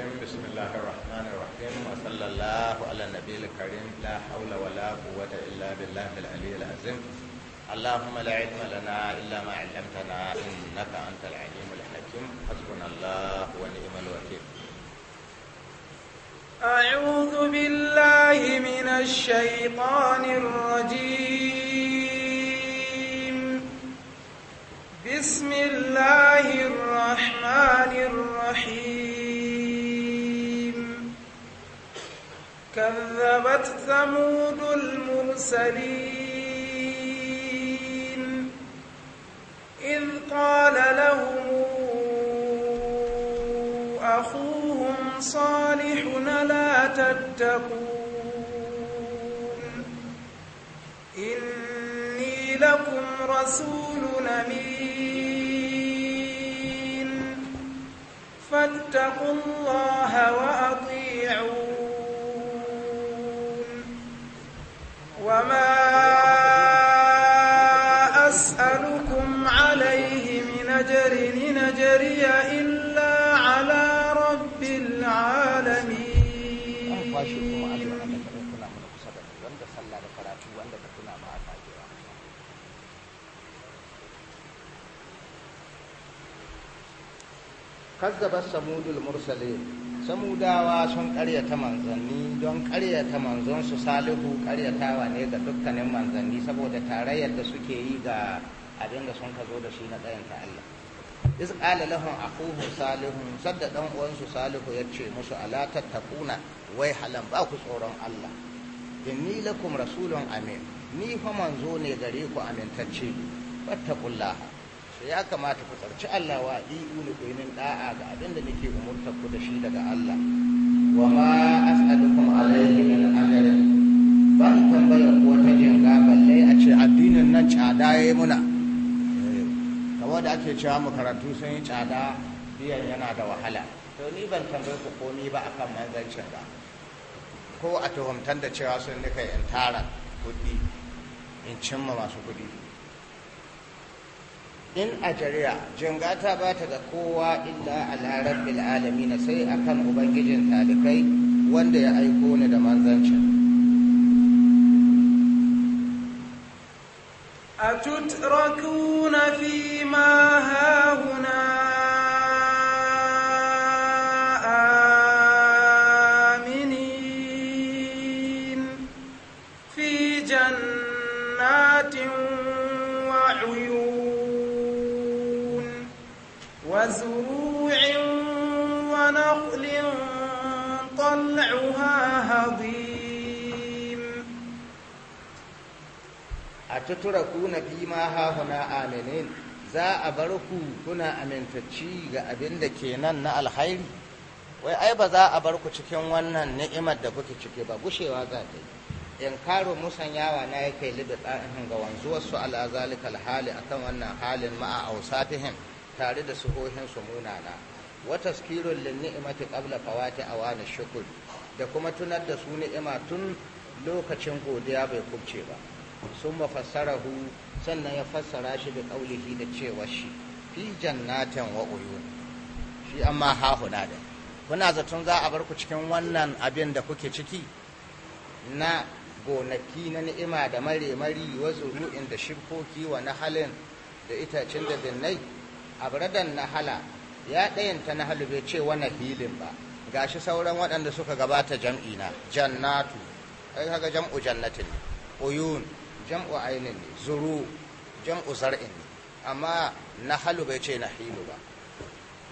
الرجيم بسم الله الرحمن الرحيم وصلى الله على النبي الكريم لا حول ولا قوة إلا بالله العلي العظيم اللهم لا علم لنا الا ما علمتنا انك انت العليم الحكيم حسبنا الله ونعم الوكيل اعوذ بالله من الشيطان الرجيم بسم الله الرحمن الرحيم كذبت ثمود المرسلين إذ قال لهم أخوهم صالح لا تتقون إني لكم رسول أمين فاتقوا الله وأطيعون وما أسألكم عليه من أجر إن إلا على رب العالمين كذب الثمود المرسلين samudawa sun karyata manzanni don karyata manzonsu salihu karyatawa ne ga dukkanin manzanni saboda tarayyar da suke yi ga abin da sun ka zo da shi na tsayin ta Allah iz qala lahum akhuhu salihu sadda dan uwansu salihu yace musu ala tattaquna wai halan ba ku tsoron Allah inni lakum rasulun amin ni fa manzo ne gare ku amintacce fattaqullaha to ya kamata ku tsarci Allah wa iyu ni kuinin da'a ga abin da nake umurtar ku da shi daga Allah wa ma as'alukum alayhi min ajrin ban tambayar ku wata jinga balle a ce addinin nan tsada yayi muna eh, kamar da ake cewa makarantu sun yi tsada biyan yana da wahala to ni ban tambaye ku komi ba akan manzancin ba ko a tuhumtar da cewa sun nika in tara kuɗi in cimma masu kuɗi in ajariya jingata ba ta ga kowa illa ala rabbil na sai a kan ubangijin talibai wanda ya aiko ni da manzanci. a tutrakuna fi ma na fi ma hahuna aminin za a bar ku kuna amintacci ga abin da ke nan na alhairi wai ai ba za a bar ku cikin wannan ni'imar da kuke ciki ba gushewa za ta yi in karo musanyawa na yake libe tsarin ga su al'azalikal hali alhali kan wannan halin ma'a ausatihim tare da suhohin su munana wa taskirun lin ni'mati qabla fawati awani shukr da kuma tunar da su ni'ima tun lokacin godiya bai kubce ba sun mafassarahu sannan ya fassara shi da ƙaulihi da cewa shi fi jannatin wa uyun shi amma hahuna da kuna zaton za a bar ku cikin wannan abin da kuke ciki na gonaki na ni'ima da mare-mari wa zuru'in da shirkoki wa na halin da itacen da binnai A na hala, ya ɗayanta na bai ce wani hilin ba Ga shi sauran waɗanda suka gabata jam'ina jannatu kai kaga jam'u jannatin uyun jam'u ainin ne zuru jam'u zar'in ne amma nahalu bai ce na hilu ba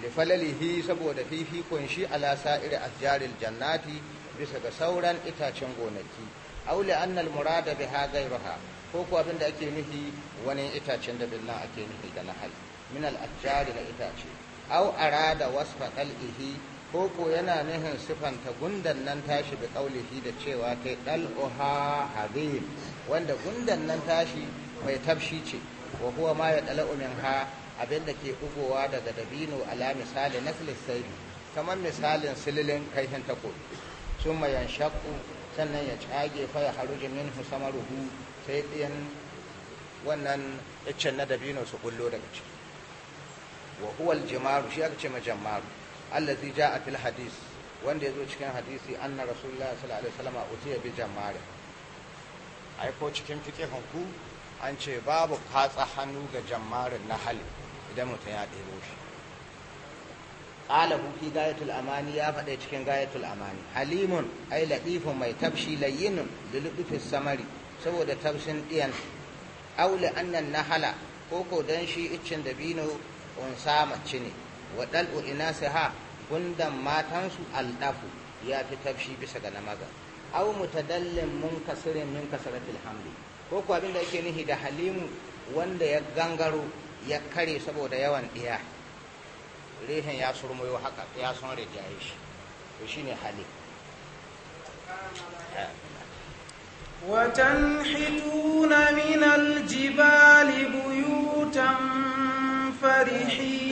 lifalalihi saboda fifikon shi ala sa'iri asjaril jannati bisa ga sauran itacen gonaki aule annal murada bi ha gairuha ko abin da ake nufi wani itacen da billan ake nufi da nahal min al na itace au arada wasfa qal'ihi koko yana nihin sifanta gundan nan tashi da kaulihi da cewa kai dal'uha habib wanda gundan nan tashi mai tafshi ce wa kuwa ma ya dal'u min ha abinda ke ugowa daga dabino ala misali na saidi kamar misalin sililin kaihin tako mayan shakku sannan ya cage fa ya haruji minhu ruhu sai ɗiyan wannan iccen na dabino su kullo daga ciki wa huwa jimaru shi aka ce majammaru allazi ja'a fil hadis wanda yazo cikin hadisi anna rasulullahi sallallahu alaihi wasallam utiya bi jamare ai ko cikin fiqihun ku an ce babu katsa hannu ga jammarin na hali idan mutum ya ɗebo shi ƙalahu fi gayatul amani ya faɗa cikin gayatul amani halimun ai laɗifin mai tafshi layyinun da luɗufin samari saboda tafshin ɗiyan aule annan nahala ko ko don shi iccin dabino sa mace ne waɗal uina saha gundan matansu al’afu ya fi tafshi bisa ga namaza aw mutadallin kasirin min kasratil hamdi ko kuwa abin da yake nihi da halimu wanda ya gangaro ya kare saboda yawan ɗiya rehen ya surmoyo haka ya son rijaye shi to shine halim وتنحتون من الجبال بيوتا فرحين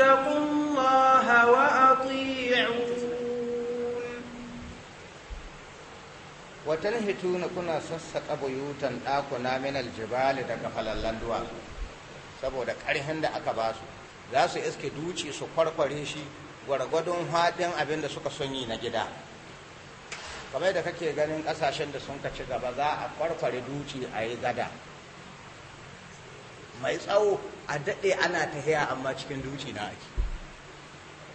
فاتقوا الله وأطيعون وتنهتون كنا سسك بيوتا داكنا من الجبال daga falallan duwa saboda ƙarhin da aka ba su za su iske duci su kwarkware shi gwargwadon haɗin abin da suka son yi na gida kamar da kake ganin ƙasashen da sun ka ci gaba za a kwarkware duci a yi gada mai tsawo a daɗe ana ta haya amma cikin duci na ake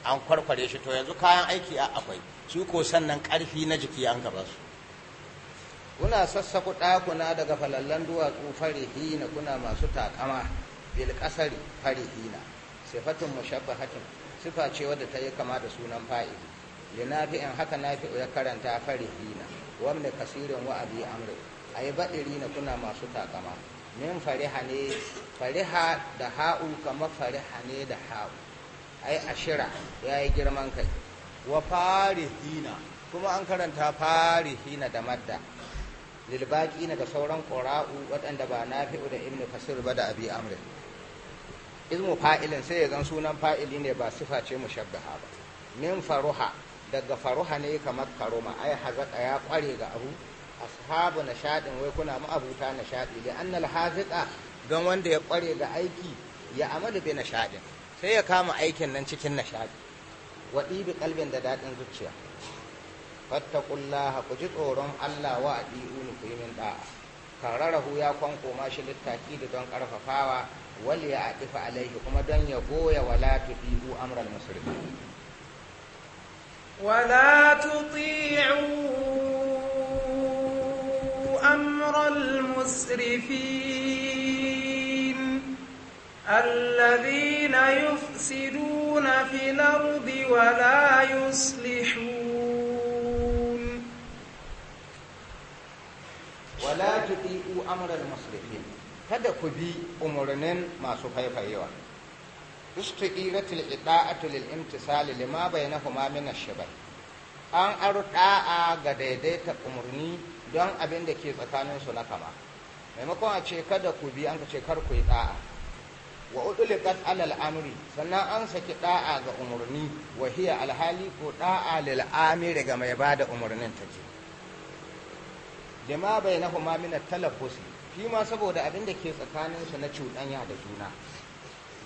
an kwarkware shi to yanzu kayan aiki a akwai su ko sannan ƙarfi na jiki an gaba su kuna sassaku ɗakuna daga falallan duwatsu farihina kuna masu takama bil ƙasari farihina sifatun mushabbahatin sifa ce wadda ta yi kama da sunan fa'ili in haka nafi ya karanta farihina wanda kasirin wa'abi amri ayi baɗirina kuna masu takama min fariha ne fariha da ha'u kamar fariha ne da ha'u ai ashira ya yi girman kai wa farihina kuma an karanta farihina da madda lilbaki na da sauran ƙora'u waɗanda ba na fi'u da ibn Fasir ba da abi amrin izmu fa'ilin sai ya zan sunan fa'ili ne ba sifa ce mushabbaha ba min faruha daga faruha ne kamar karuma ai hazaka ya ƙware ga abu ashabu nashadin wai kuna ma'abuta nashadi li annal hafiqa don wanda ya kware ga aiki ya amalu bi nashadin sai ya kama aikin nan cikin nashadi wa kalbin da daɗin zuciya fattakullaha ku ji tsoron Allah wa adi'uni ku yi min da'a kararrahu ya kwanko ma shi littafi da don ƙarfafawa wal ya adifa alaihi kuma don ya goya wala tudihu amral Musulmi. wala tuti'u المسرفين الذين يفسدون في الأرض ولا يصلحون ولا تطيعوا أمر المسرفين kada ku bi umarnin masu faifayewa istiqiratul ida'atu lil imtisali lima bainahuma min ash-shabah an aru da'a ga daidaita umarni don abin da ke tsakaninsu na kama maimakon a ce kada ku bi an ce kar ku yi da'a wa udulikat alal amri sannan an saki da'a ga umarni wa hiya alhali ko da'a lil amiri ga mai bada umarnin take jama'a bainahuma min at-talaffus shi ma saboda abin da ke tsakanin su na cuɗanya da juna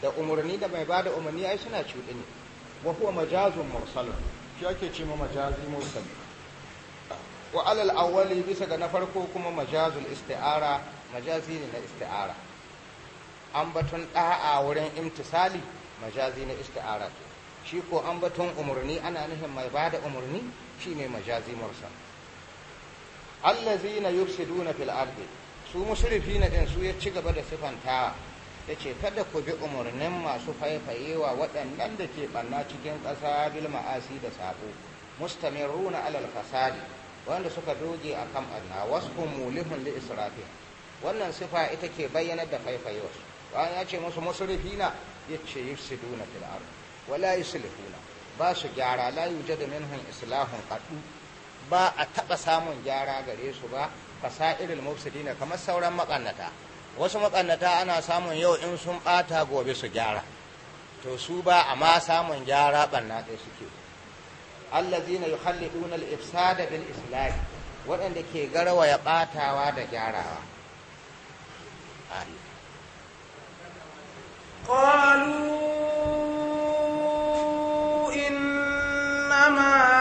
da umarni da mai bada umarni ai suna cuɗanya wa huwa majazun mursal shi ake ce ma majazi mursal wa alal awwali bisa ga na farko kuma majazul isti'ara majazi ne na isti'ara ambaton ɗa'a wurin imtisali majazi na isti'ara ce shi ko ambaton umarni ana nufin mai ba da umarni shine majazi mursal allazina yufsiduna fil ardi su musrifina din su ya ci gaba da sifanta ya ce kada ku bi umarnin masu faifayewa waɗannan da ke ɓanna cikin ƙasa bil ma'asi da saƙo mustamiruna alal fasadi wanda suka doge akan ɓanna wasu mulihun li israfi wannan sifa ita ke bayyanar da faifayewar bayan ya ce musu na. ya ce yufsiduna fil ard wala yuslihuna ba su gyara la jada minhun islahun qaddu ba a taɓa samun gyara gare su ba fasairul mufsidina kamar sauran makannata wasu makannata ana samun yau in sun bata gobe su gyara to su ba a ma samun gyara barna ɗaya suke allazina yukhalliduna al da bil islahi waɗanda ke garwaya ɓatawa da gyarawa قالوا إنما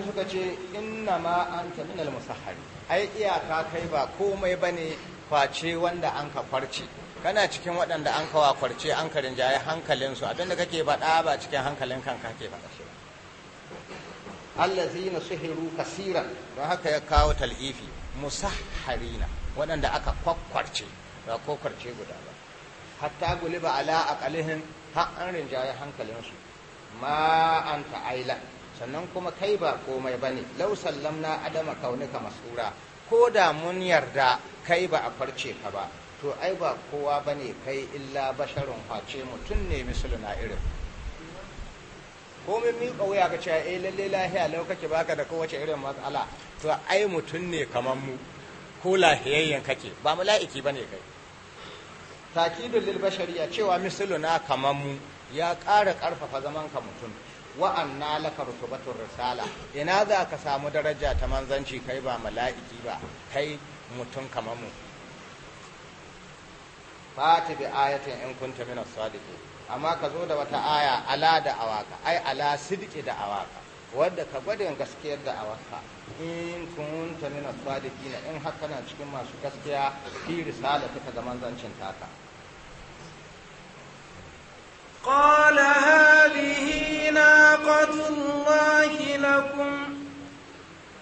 sai suka ce inna ma musahari min al-musahhari ai iyaka kai ba komai bane face wanda an ka kwarce kana cikin waɗanda an kawa kwarce an ka rinjaye hankalinsu abinda kake faɗa ba cikin hankalin kanka kake faɗa shi allazina suhiru kasiran don haka ya kawo tal'ifi musahharina waɗanda aka kwakwarce ba kwarce guda ba hatta ba ala aqalihim har an rinjaye hankalinsu ma anta sannan kuma kai ba komai ba ne lau lamna adama kaunika masura ko da mun yarda kai ba a farce ka ba to ai ba kowa ba ne kai illa basharun face mutum ne na irin komin miƙa wuya ka cewa eh lalle lahiya lau kake baka da kowace irin matsala to ai mutum ne kamar mu ko lahiyayyen kake ba mala'iki ne kai takidul lil bashariya cewa na kamar mu ya ƙara ƙarfafa zaman ka mutum wa'anna laka rutubatul risala ina za ka samu daraja ta manzanci kai ba mala'iki ba kai mutum kamar mu fati bi ayatin in kunta min as-sadiqin amma ka zo da wata aya ala da awaka ai ala sidqi da awaka wadda ka gwada gaskiyar da awaka in kunta min as-sadiqin in haka na cikin masu gaskiya fi risala ta ga manzancin taka qala ناقة الله لكم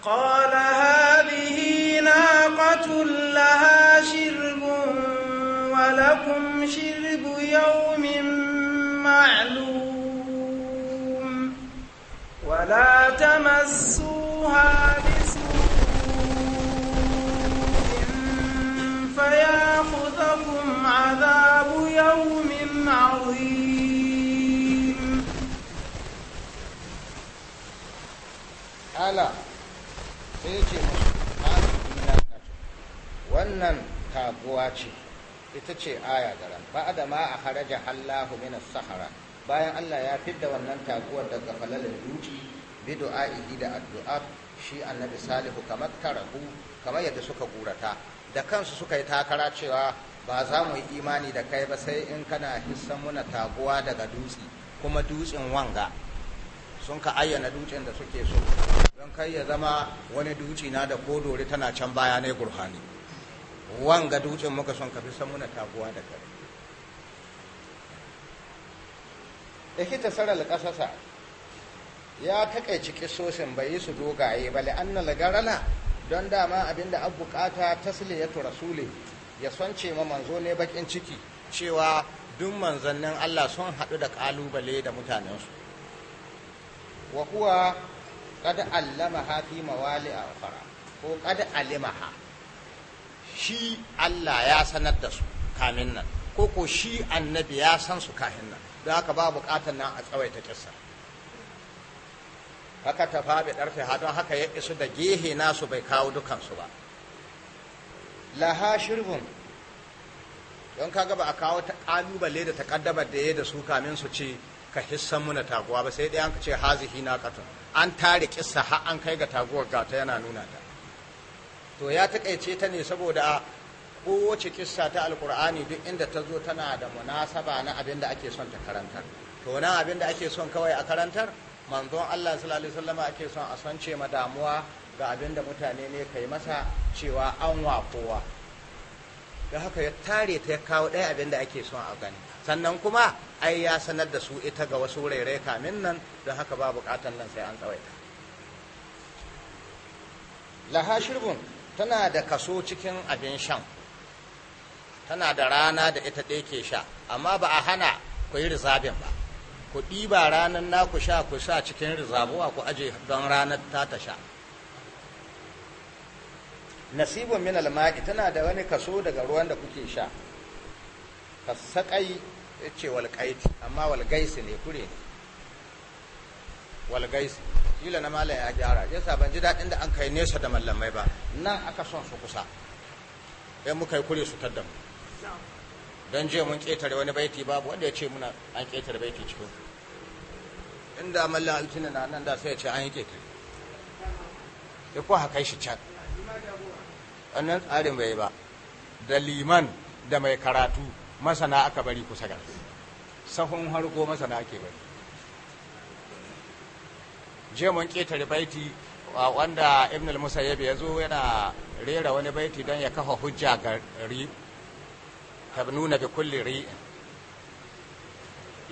قال هذه ناقة لها شرب ولكم شرب يوم معلوم ولا تمسوها بسوء فياخذكم عذاب يوم ta'ala sai ya ce musu wannan taguwa ce ita ce aya garan ba da ma a haraja hallahu minas sahara bayan Allah ya fidda wannan taguwar daga falalin duci bi du'a'ihi da addu'a shi annabi salihu kamar karahu kamar yadda suka gurata da kansu suka yi takara cewa ba za mu yi imani da kai ba sai in kana hissan muna taguwa daga dutse kuma dutsen wanga sun ka ayyana dutsen da suke so don kai ya zama wani dutse na da kodori tana can baya ne gurhani wanga dutsen muka son ka fi san muna taguwa da kare ikita saral kasasa ya takaici kisosin bai yi su dogaye ba la'anna lagarala don dama abinda an bukata tura rasuli ya ce ma manzo ne bakin ciki cewa duk manzannin Allah sun haɗu da ƙalubale da mutanensu wa huwa kada allamaha fi mawali akhara ko qad alimaha shi Allah ya sanar da su kamin nan ko ko shi annabi ya san su kamin nan don haka ba bukatar nan a tsawaita kissa haka ta fabi ɗarfe don haka ya isu da gehe nasu bai kawo dukansu ba laha shirbin don kaga ba a kawo ta ƙalubale da takaddamar da ya da su kamin su ce ka hissan muna taguwa ba sai dai an ce hazihi na katon an tare kisa har an kai ga taguwar gata yana nuna ta to ya takaice ta ne saboda kowace kisa ta alkur'ani duk inda ta zo tana da munasaba na abin da ake son ta karantar to nan abin da ake son kawai a karantar manzon Allah sallallahu ake son a son ce ma damuwa ga abin da mutane ne kai masa cewa an wa kowa da haka ya tare ta ya kawo ɗaya abin da ake son a gani sannan kuma ai ya sanar da su ita ga wasu rairai kamin nan don haka ba buƙatar nan sai an tsawaita lahashirgun tana da kaso cikin abin shan tana da rana da ita ɗaya ke sha amma ba a hana ku yi rizabin ba ku ɗiba ranar naku sha ku sha cikin rizabuwa ku aje don ranar ta ta sha nasibun min alma'i tana da wani kaso daga ruwan da kuke sha ka saƙai ce walƙaitu amma walgaisi ne kure ne walgaisi kila na malaya ya gyara ya ban ji daɗin da an kai nesa da mallamai ba nan aka son su kusa yan muka yi kure su tadda mu don je mun ƙetare wani baiti babu wanda ya ce muna an ƙetare baiti cikin inda mallan altina na nan da sai ya ce an yi ƙetare ya ko haka shi can wannan tsarin bai ba da liman da mai karatu masana aka bari kusa ga sahun harko masana ake bari Jemun mun ketare baiti wanda ibn al-musayyib ya zo yana rera wani baiti don ya kafa hujja ga ri nuna bi kulli ri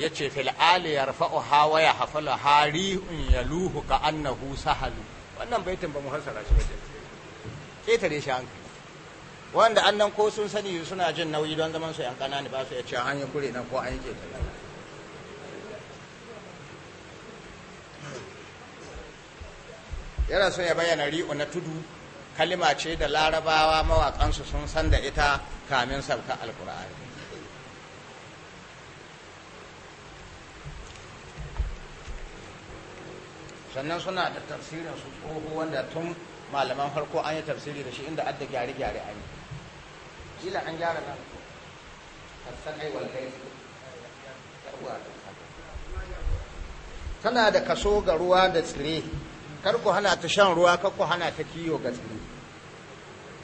ya ce fil ali yarfa'u hawa ya hafala hari in luhu ka annahu sahalu wannan baitin ba mu hasara shi ba ƙetare shi hankali wanda nan ko sun sani suna jin nauyi don zaman su yan ƙanani ba su ya ce hanyar kure nan ko an yi ƙetare yana son ya bayyana ri'u na tudu kalima ce da larabawa mawakansu sun san da ita kamin sauka alkur'ani sannan suna da tafsirin su tsoho wanda tun malaman farko an yi tafsiri da shi inda adda gyare-gyare an yi kila an gyara nan tafsan kai tana da kaso ga ruwa da tsire kar ku hana ta shan ruwa kar ku hana ta kiyo ga tsire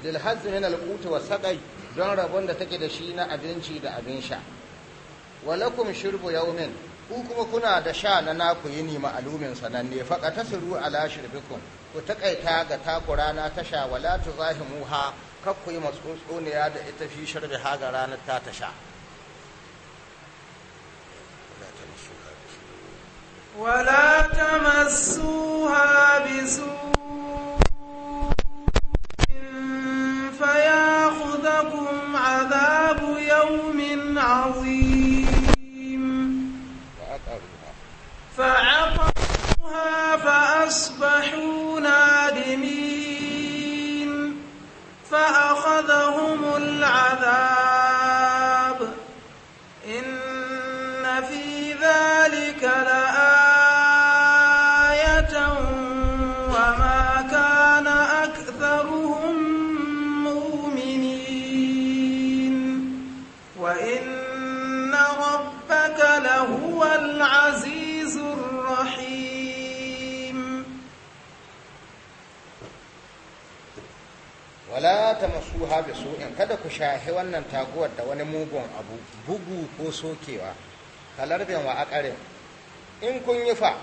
lil hazmi min al qut wa sadai don rabon da take da shi na abinci da abin sha walakum shurbu yawmin ku kuma kuna da sha na naku yini ma'alumin sananne faqatasru ala shirbikum ku taƙaita ga taku rana tasha wala muha kar ku yi matsuntsuniya da ita fi shirbi ha ga ranar ta tasha ولا تمسوها بسوء فياخذكم عذاب يوم عظيم فعقروا فأصبحوا نادمين فأخذهم العذاب إن في ذلك لآية ha su in kada ku shahi wannan taguwar da wani mugun abu bugu ko sokewa bin wa akarin in kun yi fa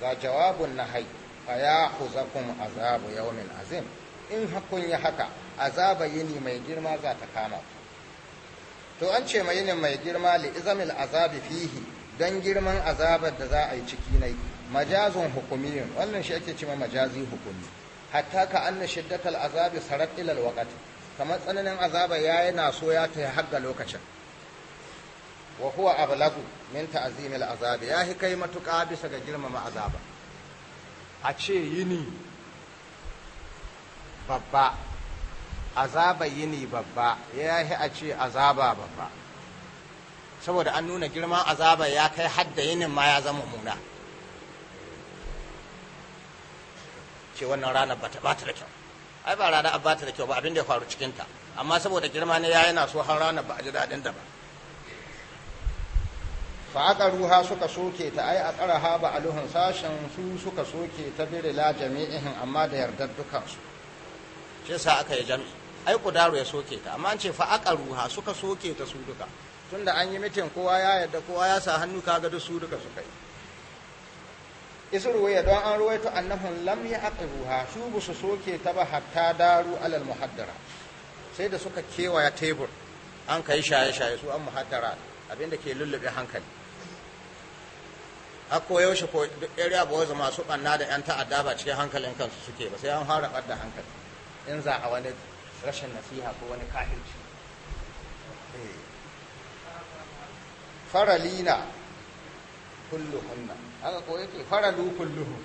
ga jawabun hai fa ya huzakum azabu yawmin azim in hakun yi haka azaba yini mai girma za ta kama to an ce mai yinin mai girma li izamil azabi fihi dan girman azabar da za a yi ciki nai majazun hukumiyun wannan shi ake cewa majazi hukumi hatta ka anna shiddatal azabi sarat ila alwaqati kamar tsananin azaba ya yana so ya ta hagga lokacin wa huwa ablagu min ta'zimil azab ya hi kai matuƙa bisa ga girmama azaba a ce yini babba azaba yini babba ya hi a ce azaba babba saboda an nuna girman azaba ya kai hadda yinin ma ya zama muna ce wannan ranar ba ta da kyau ai ba rana abata da kyau ba abin da ya faru cikin amma saboda girma ne ya yana so har rana ba a ji daɗin da ba fa aka ruha suka soke ta ai a tsara ha ba aluhun sashen su suka soke ta birila jami'in amma da yardar dukansu shi sa aka yi jami'i ai kudaro ya soke ta amma an ce fa aka ruha suka soke ta su duka tunda an yi mitin kowa ya yarda kowa ya sa hannu kaga duk su duka suka yi isruwaya don an ruwaito annahum lam ya'qibuha su bu su soke ta ba hatta daru alal muhaddara sai da suka kewaya tebur an kai shaye shaye su an muhaddara abinda ke lullube hankali a ko yaushe ko area wasu masu banna da yan ta'adda ba cikin hankalin kansu suke ba sai an hara da hankali in za a wani rashin nasiha ko wani kahirci eh. faralina kulluhunna haka ko yake faralu kulluhu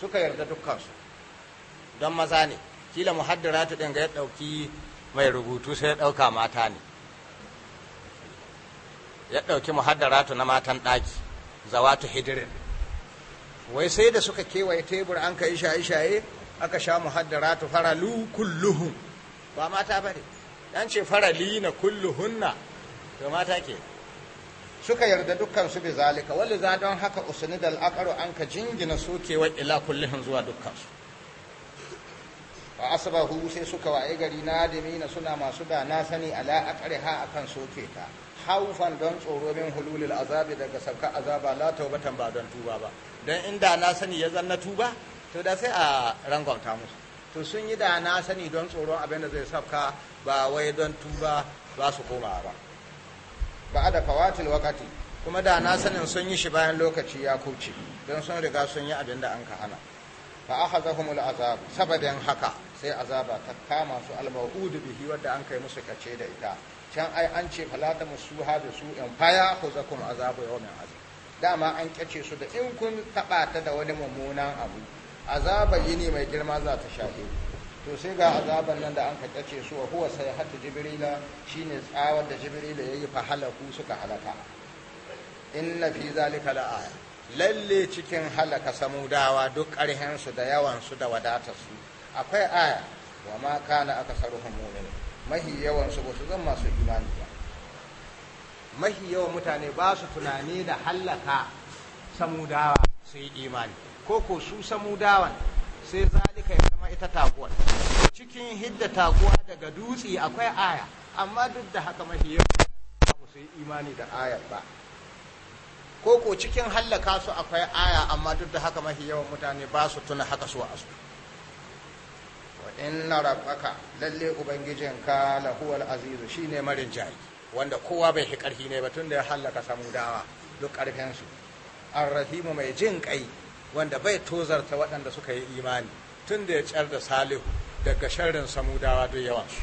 suka yarda dukkansu don maza ne kila muhaddiratu din ga ya dauki mai rubutu sai ya dauka mata ne ya dauki muhaddaratu na matan daki zawatu hidirin wai sai da suka kewaye tebur an kai isha ye aka sha muhaddaratu faralu kulluhu ba mata bare dan ce farali na kulluhunna to mata ke suka yarda dukkan su bi zalika wali za don haka usnid da aqru an ka jingina su ke wa ila kullihin zuwa dukkan su fa asbahu sai suka waye gari na na suna masu da na sani ala ha akan soke ta haufan don tsoro min hululil azabi daga sabka azaba la taubatan ba don tuba ba don inda na sani ya zanna tuba to da sai a rangwamta musu to sun yi da na sani don tsoron abin da zai sabka ba wai don tuba ba su koma ba ba da fawatil wakati kuma da na sanin sun yi shi bayan lokaci ya kuce don sun riga sun yi abin da an ka hana fa akhazahumul azab sabadin haka sai azaba ta kama su al-maw'ud bihi wadda an kai musu kace da ita can ai an ce fala ta musuha da su in faya khuzakum azabu yawmin azim dama an kace su da in kun taba ta da wani mummunan abu azaba yini mai girma za ta shafe to sai ga azaban nan da an kace su wa huwa hatta jibrila shine tsawar da jibrila yayi fa halaku suka halaka inna fi zalika la aya lalle cikin halaka samudawa duk ƙarhen su da yawan su da wadatar su akwai aya wa ma kana akasaruhum mu'min mahi yawan su ba su zan masu imani ba mahi yawan mutane ba su tunani da halaka samudawa su yi imani ko ko su samudawan sai ta taguwar cikin hidda taguwa daga dutse akwai aya amma duk da haka mafi yawa su yi imani da ayar ba ko ko cikin hallaka su akwai aya amma duk da haka mafi yawan mutane ba su tuna haka su a su wa inna rabbaka lalle ka lahuwal azizu shine marin jari wanda kowa bai fi karfi ne ba tun da ya hallaka samu dawa duk karfin su arrahimu mai jin kai wanda bai tozarta waɗanda suka yi imani tun da ya ciyar da salihu daga sharrin samudawa da yawan su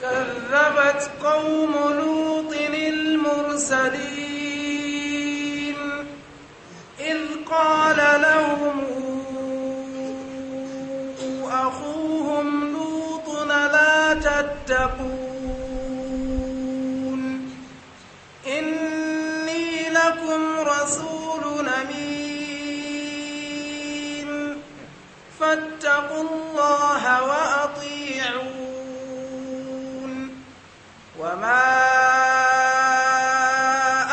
karrabat kawmulutin ilmursalin ilkola lahumu a kuhun lutuna latattaku فاتقوا الله وأطيعون وما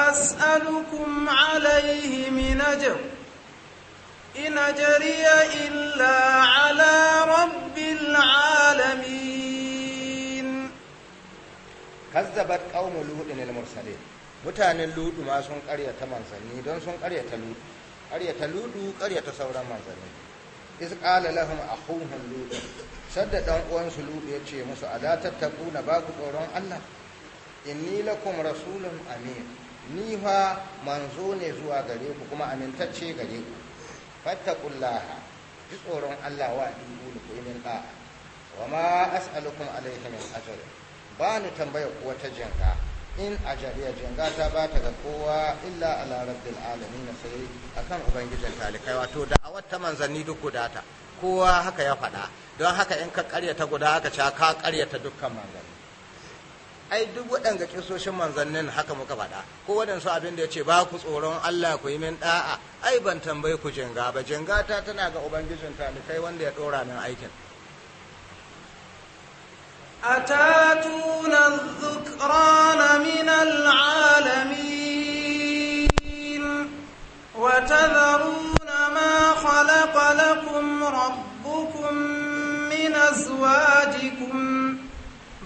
أسألكم عليه من أجر إن أجري إلا على رب العالمين كذبت قوم لوط المرسلين mutanen ludu ma sun karyata manzanni don sun karyata ludu karyata sauran manzanni iz qala lahum akhuhum lut sadda dan uwansu lut yace ce musu ala tattaquna ba ku tsoron Allah inni lakum rasulun amin ni fa manzo ne zuwa gare ku kuma amintacce gare ku fattaqullaha ji tsoron Allah wa dubu ku min da'a wa ma as'alukum alayhi min ajr ba ni tambaya ku wata jinka in a jariya jinga ta ba ta ga kowa illa ala rabbil alamin sai akan ubangijin talikai wato da a wata manzanni duk gudata kowa haka ya faɗa don haka in ka karyata guda haka ca ka karyata dukkan manzanni ai duk waɗanga kisoshin manzannin haka muka faɗa ko waɗansu abin da ya ce ba ku tsoron Allah ku yi min ɗa'a ai ban tambayi ku jinga ba jinga ta tana ga ubangijin talikai wanda ya ɗora min aikin أتاتون الذكران من العالمين وتذرون ما خلق لكم ربكم من أزواجكم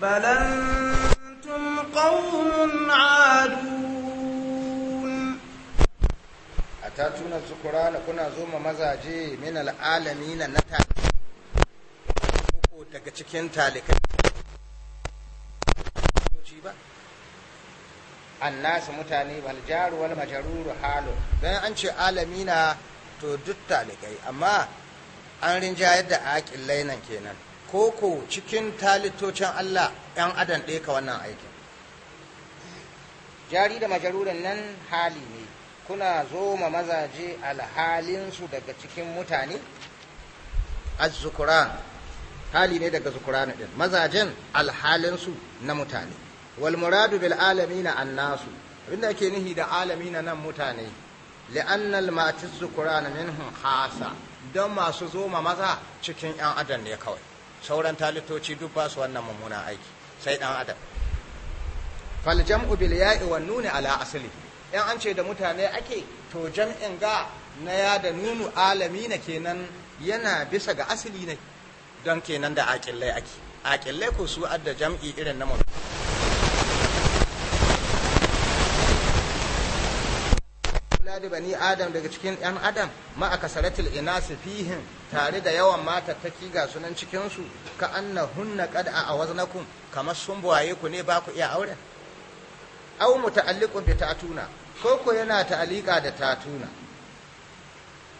بل أنتم قوم عادون أتاتون الذكران كنا زوم مزاجي من العالمين نتاج daga cikin talikai ba annasu mutane wal jaru wal majaruru halu dan an ce alamina to duk talikai amma an rinjayar da aƙin lainan kenan koko cikin talitocin Allah yan adam ɗaya ka wannan aikin jari da majaruran nan hali ne kuna zo ma mazaje alhalinsu daga cikin mutane azzukuran hali ne daga zukuran din mazajen alhalinsu na mutane Walmuradu bil alamina annasu abinda ake nihi da alamina nan mutane li'anna al matiz qur'ana minhum khasa don masu zoma maza cikin yan adam ne kawai sauran talitoci duk ba su wannan mummunan aiki sai dan adam fal jam'u bil ya'i wan nuni ala asli Yan an ce da mutane ake to jam'in ga na ya da nunu alamina kenan yana bisa ga asali ne don kenan da aqillai ake aqillai ko su adda jam'i irin na mutane? auladi bani adam daga cikin yan adam ma aka saratil inasi fihin tare da yawan matattaki ga sunan cikinsu ka anna hunna qad a waznakum kamar sun buwaye ku ne ba ku iya auren aw muta'alliqun bi ta'tuna ko ko yana ta'alika da ta'tuna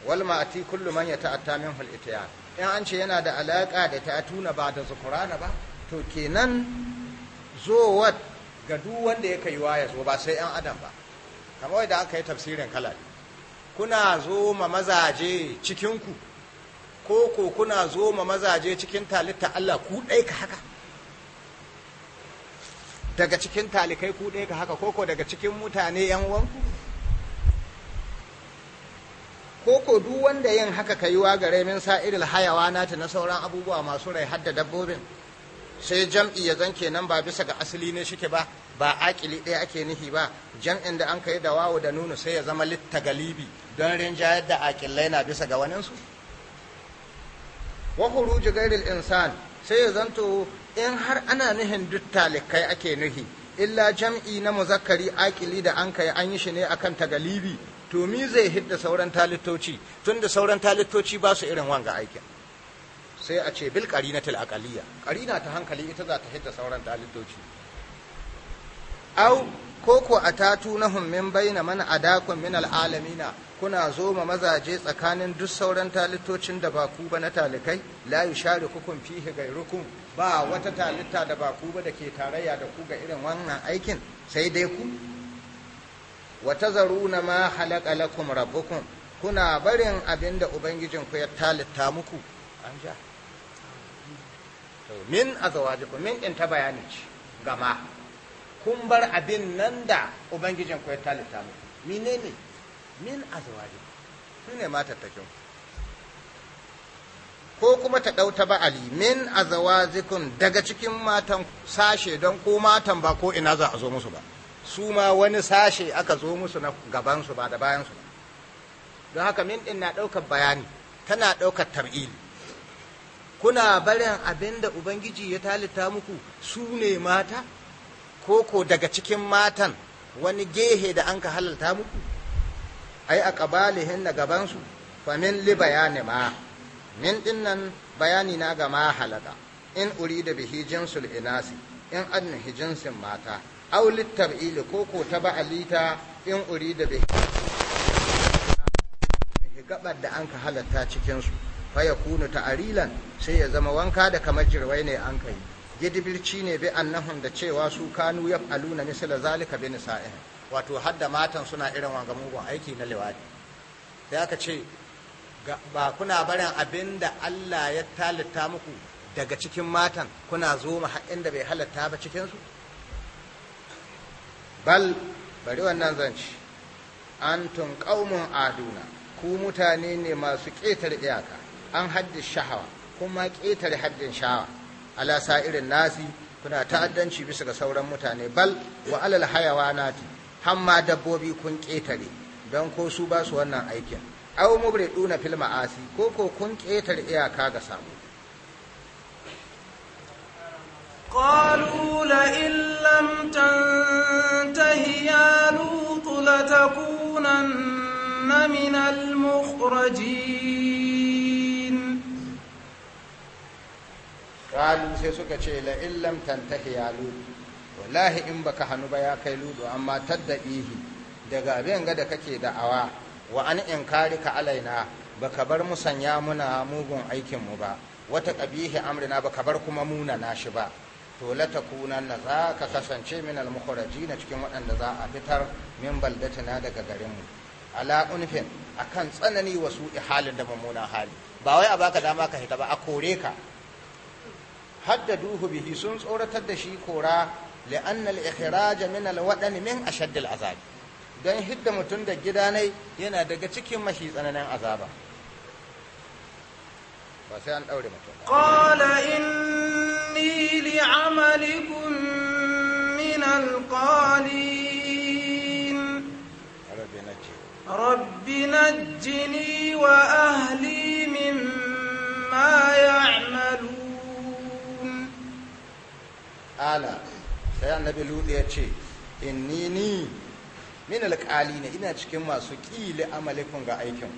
wal ma'ati kullu man yata'atta minhu al ityan in an ce yana da alaka da ta'tuna ba da zukurana ba to kenan zowat ga duk wanda ya kai waya zo ba sai yan adam ba kamar wadda aka yi tafsirin ne. kuna zo ma mazaje cikinku ko ko kuna zo ma mazaje cikin talitta Allah ku ɗai ka haka daga cikin talikai ku ɗai ka haka koko daga cikin mutane yan wanku koko duk wanda yin haka ka yi wagare min sa'iril hayawa nata na sauran abubuwa masu rai hadda dabbobin sai jam'i ya zanke nan ba bisa ga asali ne shike ba ba akili ɗaya ake nuhi ba jam'in da an kai da wawu da nunu sai ya zama litta galibi don rinjayar da akilai na bisa ga waninsu wa huruji gairil insan sai ya zanto in har ana nuhin duk talikai ake nuhi illa jam'i na muzakkari akili da an kai an yi shi ne akan tagalibi to mi zai hidda sauran talittoci tunda sauran talittoci ba su irin wanga aikin sai a ce bil qarinatil aqaliyya na ta hankali ita za ta hidda sauran talittoci au ko a tatu na hummin baina mana adakun min al'alamina kuna zo ma mazaje tsakanin duk sauran talitocin da ba ku ba na talikai la yushari kukun fihi gairukum ba wata talitta da ba ku ba da ke tarayya da ku ga irin wannan aikin sai dai ku zaru na ma halaka lakum rabbukum kuna barin abin da ubangijinku ya talitta muku an ja min azawajikum min in ta bayani ce gama kun bar abin nan da ubangijin ku ya talita mu mine ne min azwaji su ne matattakin ko kuma ta ɗauta ba'ali min azawazikun daga cikin matan sashe don ko matan ba ko ina za a zo musu ba su ma wani sashe aka zo musu na gabansu ba da bayansu ba don haka min ɗin na ɗaukar bayani tana ɗaukar tar'ili kuna barin abin da ubangiji ya talita muku su ne mata ko daga cikin matan wani gehe da an ka halalta muku ai a ƙabalihin na gabansu famin li bayani ma min dinnan bayani na ga ma halaka in uri da bihi jinsul inasi in annahi jinsin mata aw litab'ili ko ko ta ba'alita in uri da bihi gabar da an ka halatta cikinsu fa ya kunu sai ya zama wanka da kamar jirwai ne an ka gidibilci ne bi annahum da cewa su kanu ya na misal zalika bi nisa'ihim wato hadda matan suna irin wanga mugun aiki na liwadi sai aka ce ba kuna barin abin da Allah ya talitta muku daga cikin matan kuna zo mu haƙin da bai halatta ba cikin su. bal bari wannan zanci antum qaumun aduna ku mutane ne masu ƙetare iyaka an haddi shahawa kuma ƙetare haddin shahawa ala sa'irin nasi kuna ta'addanci bisa ga sauran mutane bal wa alal hayawanati hamma dabbobi kun ƙetare don ko su ba su wannan aikin aw mubriduna fil ma'asi ko ko kun ƙetare iyaka ga samu قالوا لئن لم تنته يا لوط لتكونن من المخرجين kalu sai suka ce la illam tantahi ya ludu wallahi in baka hannu ba ya kai ludu amma taddabihi daga abin ga da kake da'awa wa an in ka alaina baka bar mu sanya muna mugun aikin mu ba wata ƙabihi amrina baka bar kuma muna nashi ba to la na za ka kasance min al na cikin waɗanda za a fitar min baldatina daga garin mu ala unfin akan tsanani wasu ihalin da mummunan hali ba wai a baka dama ka hita ba a kore ka hadda duhu bihi sun tsoratar da shi kora li'anna al-ikhraj min al-wadani min ashadd al-azab dan hidda mutun da gidanai yana daga cikin mashi tsananin azaba ba sai an daure mutun qala inni li'amalikum min al-qalin rabbi najji rabbi najjini wa ahli mimma ya'malu ala sai annabi lutu ya ce inni ni min alƙali ne ina cikin masu ƙi li'amalikun ga aikin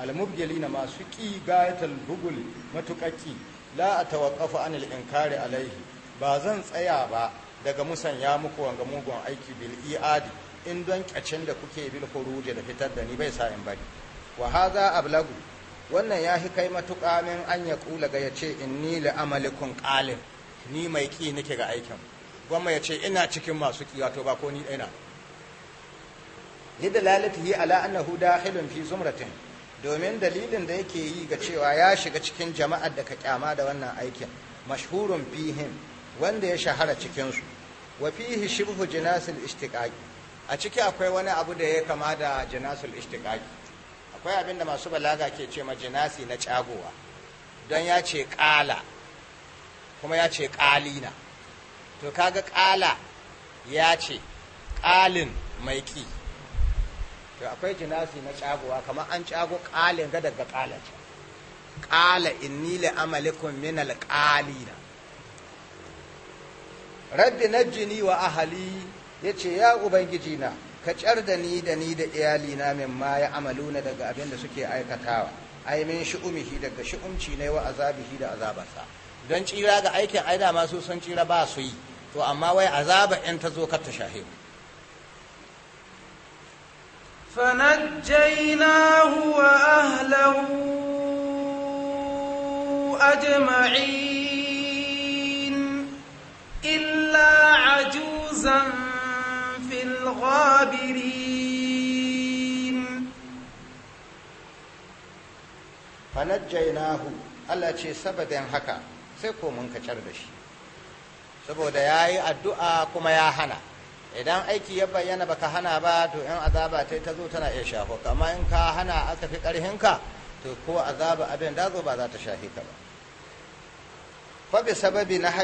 almubgili na masu ƙi gayatar bugul matukaki la a tawaƙafa anil inkari alaihi ba zan tsaya ba daga musanya muku wanga mugun aiki bil iadi in don ƙyacin da kuke bil huruje da fitar da ni bai sa in bari wa a ablagu wannan ya hi kai matuƙa min an ya ƙula ga ya ce inni li'amalikun ƙalin ni mai ƙi nake ga aikin gwamma ya ce ina cikin masu ƙi wato ba ko ni ɗaya na lidalalatihi ala annahu dakhilun fi zumratin domin dalilin da yake yi ga cewa ya shiga cikin jama'ar da ka kyama da wannan aikin mashhurun fihim wanda ya shahara cikinsu. su wa fihi shibhu jinasul a ciki akwai wani abu da ya kama da jinasul akwai abinda masu balaga ke ce ma jinasi na cagowa don ya ce ƙala kuma ya ce ƙalina to kaga ƙala ya ce ƙalin mai ƙi to akwai jinasi na cagowa kamar an cago ƙalin ga daga ƙala ce ƙala inni li amalikum min alƙalina rabbi jini wa ahali yace ya ubangiji na ka car da ni da ni da iyalina min ma ya amaluna daga abin da suke aikatawa ai min umihi daga shu'umci ne wa azabihi da azabarsa don tsira ga aikin aida masu san tsira ba su yi to amma wai azaba in ta zo kar ta shahe fanajjaynahu wa ahlahu ajma'in illa ajuzan fil ghabirin fanajjaynahu Allah ce sabadin haka sai ko mun kacar da shi saboda ya yi addu'a kuma ya hana idan aiki ya bayyana baka hana ba to in azaba ta ta zo tana iya shafo amma in ka hana aka fi ƙarhinka to ko azaba abin da zo ba za ta shafi ka ba fa bi sababi na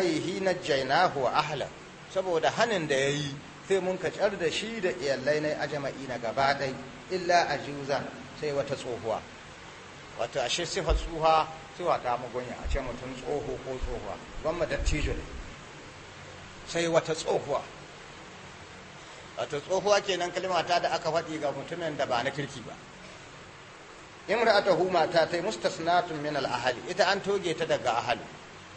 jainahu wa ahlan saboda hanin da ya yi sai mun kacar da shi da iyalai na ajama'i na gaba ɗai illa juza sai wata tsohuwa wato ashe sifar tsuha sai ta magunya a ce mutum tsoho ko tsohuwa gwamma dattijo ne sai wata tsohuwa wata tsohuwa kenan kalmata da aka faɗi ga mutumin da ba na kirki ba imra'atuhu mata tai mustasnatun min al-ahli ita an toge ta daga ahali,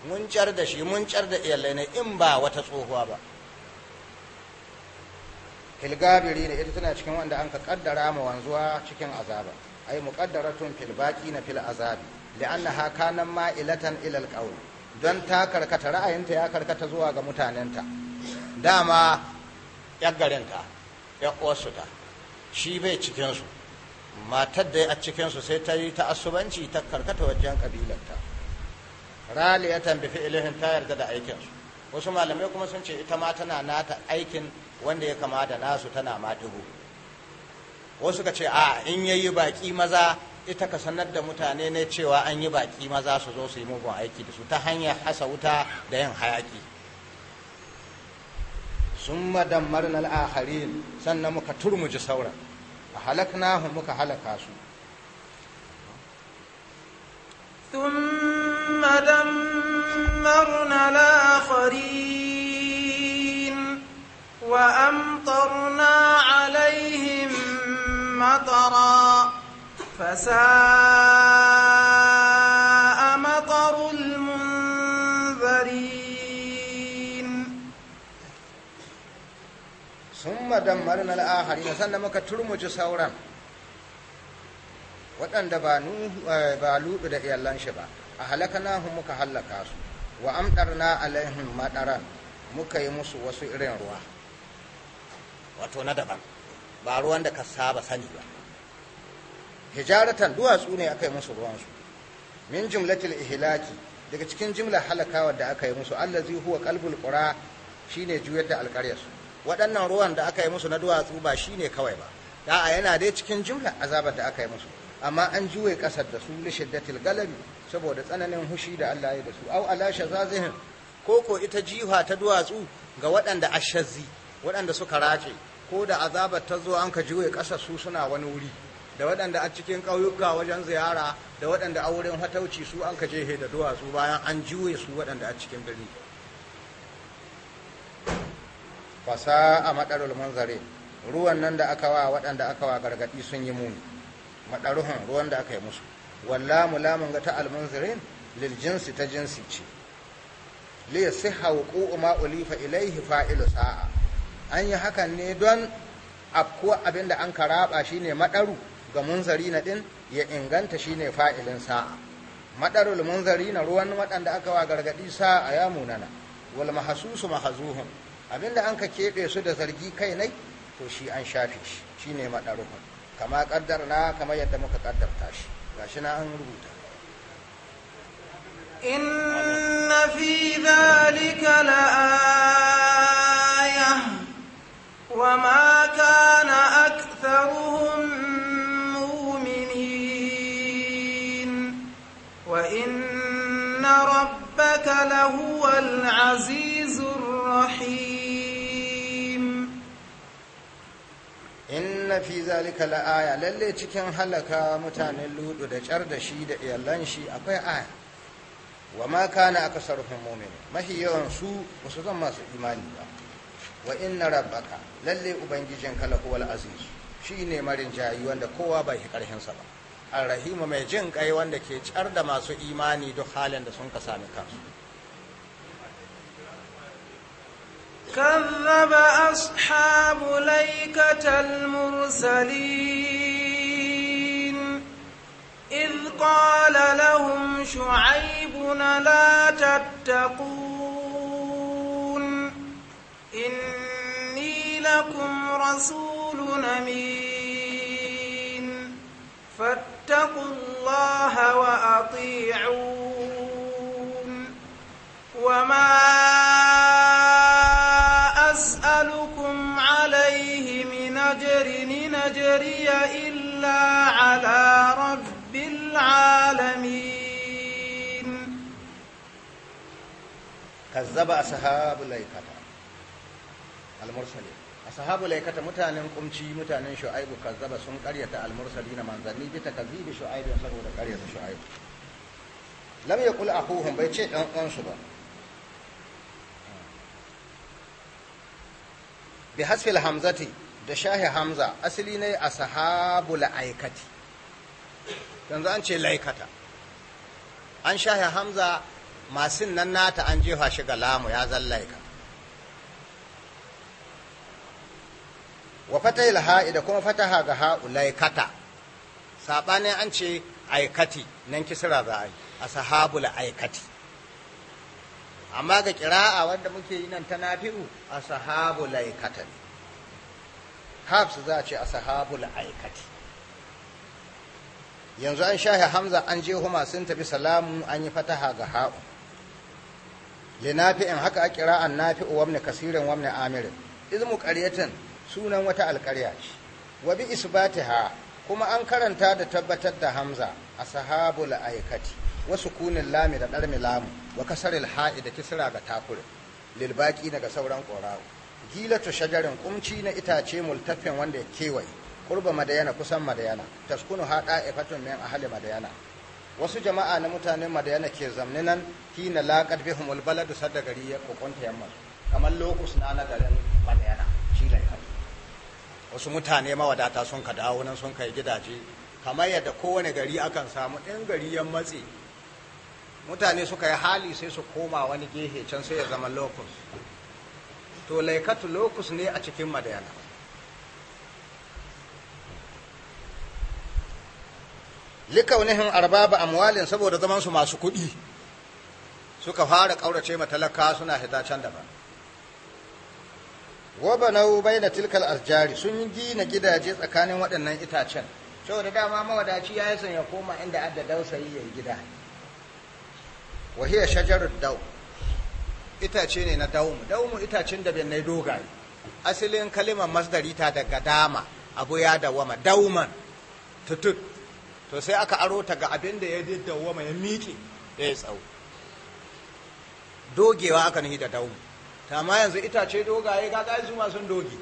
mun car da shi mun car da iyalai ne in ba wata tsohuwa ba filgabiri ne ita tana cikin wanda an ka kaddara ma wanzuwa cikin azaba ai muqaddaratun fil baqi na fil azabi li'annaha kanan ilatan ilal qawl don ta karkata ra'ayinta ya karkata zuwa ga mutanenta dama ya garinta ya uwarsu ta shi bai cikinsu matar da a cikinsu sai ta yi asubanci ta karkata wajen kabilarta raliyatan fi ilihin ta yarda da aikinsu wasu malamai kuma sun ce ita ma tana nata aikin wanda ya kama da nasu tana ma dubu wasu ka ce a in yayi baki maza ita ka sanar da mutane ne cewa an yi baki maza su zo su yi mugun aiki da su ta hanyar hasa wuta da yin hayaki sun madammar na al'akharin sannan muka turmuji sauran a halaknahu muka halaka su ثم wa وأمطرنا عليهم مطرًا فساء مطر المنذرين ثم دمرنا الآخرين muka مكة ترمج سورا waɗanda ba luɗu da iyalan shi ba a halaka halakana muka halaka su wa amɗarna alaihim maɗaran muka yi musu wasu irin ruwa wato na daban ba ruwan da ka saba sani ba hijaratan duwatsu ne aka yi musu ruwansu min jumlatil ihlaki daga cikin jimlar halakawa da aka yi musu allazi huwa qalbul qura shine juyar da waɗannan ruwan da aka yi musu na duwatsu ba shine kawai ba da'a yana dai cikin jimlar azabar da aka yi musu amma an juye kasar da su li shiddatil galabi saboda tsananin hushi da Allah ya da su au ala shazazihin ko ko ita jiha ta duwatsu ga waɗanda ashazzi waɗanda suka race ko da azabar ta zo an ka juye kasar su suna wani wuri da waɗanda a cikin ƙauyuka wajen ziyara da waɗanda a wurin hatauci su an ka jehe da duwatsu bayan an juye su waɗanda a cikin birni fasa a maɗarul manzare ruwan nan da aka wa waɗanda aka wa gargaɗi sun yi muni maɗaruhun ruwan da aka yi musu walla lamun ga ta almunzirin lil jinsi ta jinsi ce li hau wuqu'u ma ulifa ilaihi fa'ilu sa'a an yi hakan ne don afkuwa abinda an karaba shi ne maɗaru ga na din ya inganta shi ne fa'ilin sa'a munzari na ruwan waɗanda aka wa gargaɗi sa'a ya munana wal mahsusu abin abinda an ka keɓe su da zargi kai nai to shi an shafe shi ne madaruhum kama na kama yadda muka kaddarta shi na an rubuta إن في ذلك ربك لهو العزيز الرحيم إن في ذلك لآية للي تكن هلك da car da shi da iyalan shi akwai aya wa ma kana akasaruhum mu'min mahi yawan su basu zan masu imani ba wa na rabaka lalle ubangijinka lahuwal aziz shine marin jayi wanda kowa bai karhin sa ba alrahimu mai jin kai wanda ke car da masu imani duk halin da sun ka sami kansu kallaba ashabu laikatal mursalin ƙola qala lahum shu'aybun la tattaqun inni lakum rasulun amin fat فاتقوا الله وأطيعون وما أسألكم عليه من أجر نجري إلا على رب العالمين كذب أصحاب الأيكة المرسلين sahabu laikata mutanen kumci mutanen shu'aibu kazzaba sun karyata al-mursalina manzanni bi takzibi shu'aibu saboda karyata shu'aibu lam yaqul akhuhum bai ce dan uwansu ba bi al hamzati da shahi hamza asali ne a sahabu laikati yanzu an ce laikata an shahi hamza masin nan nata an jefa shi ga lamu ya zan laikata wa fatahil ha'i da kuma fataha ga ha'ulai kata saɓanin an ce aikati nan kisira za a yi sahabu aikati amma ga ƙira'a wanda muke yi nan ta nafi'u sahabu aikata ne hafs za a ce a sahabu aikati yanzu an shahi hamza an je huma sun tafi salamu an yi fataha ga ha'u linafi'in haka a kira'an nafi'u wamne kasirin wamne amirin izmu ƙaryatin sunan wata alƙarya ce wa bi isbatiha kuma an karanta da tabbatar da hamza a sahabul aikati wasu Kunin lami da darmi lamu wa kasaril ha'i da kisra ga takure lil daga sauran qora'u gilatu shajarin kumci na itace multafin wanda ya kewaye kurba madayana kusan madayana taskunu hada ifatun min ahli madayana wasu jama'a na mutanen madayana ke zamne nan kina laqad bihumul baladu sadda gari ya kokonta yamma kamar lokus na na garin madayana wasu mutane mawadata sun ka dawo nan sun kai gidaje kamar yadda kowane gari akan samu ɗan gari yan matse mutane suka yi hali sai su koma wani gehe can sai ya zama lokus. to laikatu lokus ne a cikin madayana likaunihin arbaba amwalin saboda zamansu masu kuɗi suka fara ƙaurace matalaka suna hita can daban na bai na tilkal arjari sun yi gina gidaje tsakanin waɗannan itacen saboda dama mawadaci ya yi son ya koma inda adda dausa ya yi gida Wahiya shajarar dau itace ne na daumu daumu itacen da bai dogaye asalin kalimar masdari ta daga dama abu ya dawama dauman tutut to sai aka aro ta ga abin da ya dawama ya miƙe ya tsawo dogewa aka nuhi da daumu ta ma yanzu itace dogaye kaga su ma sun doge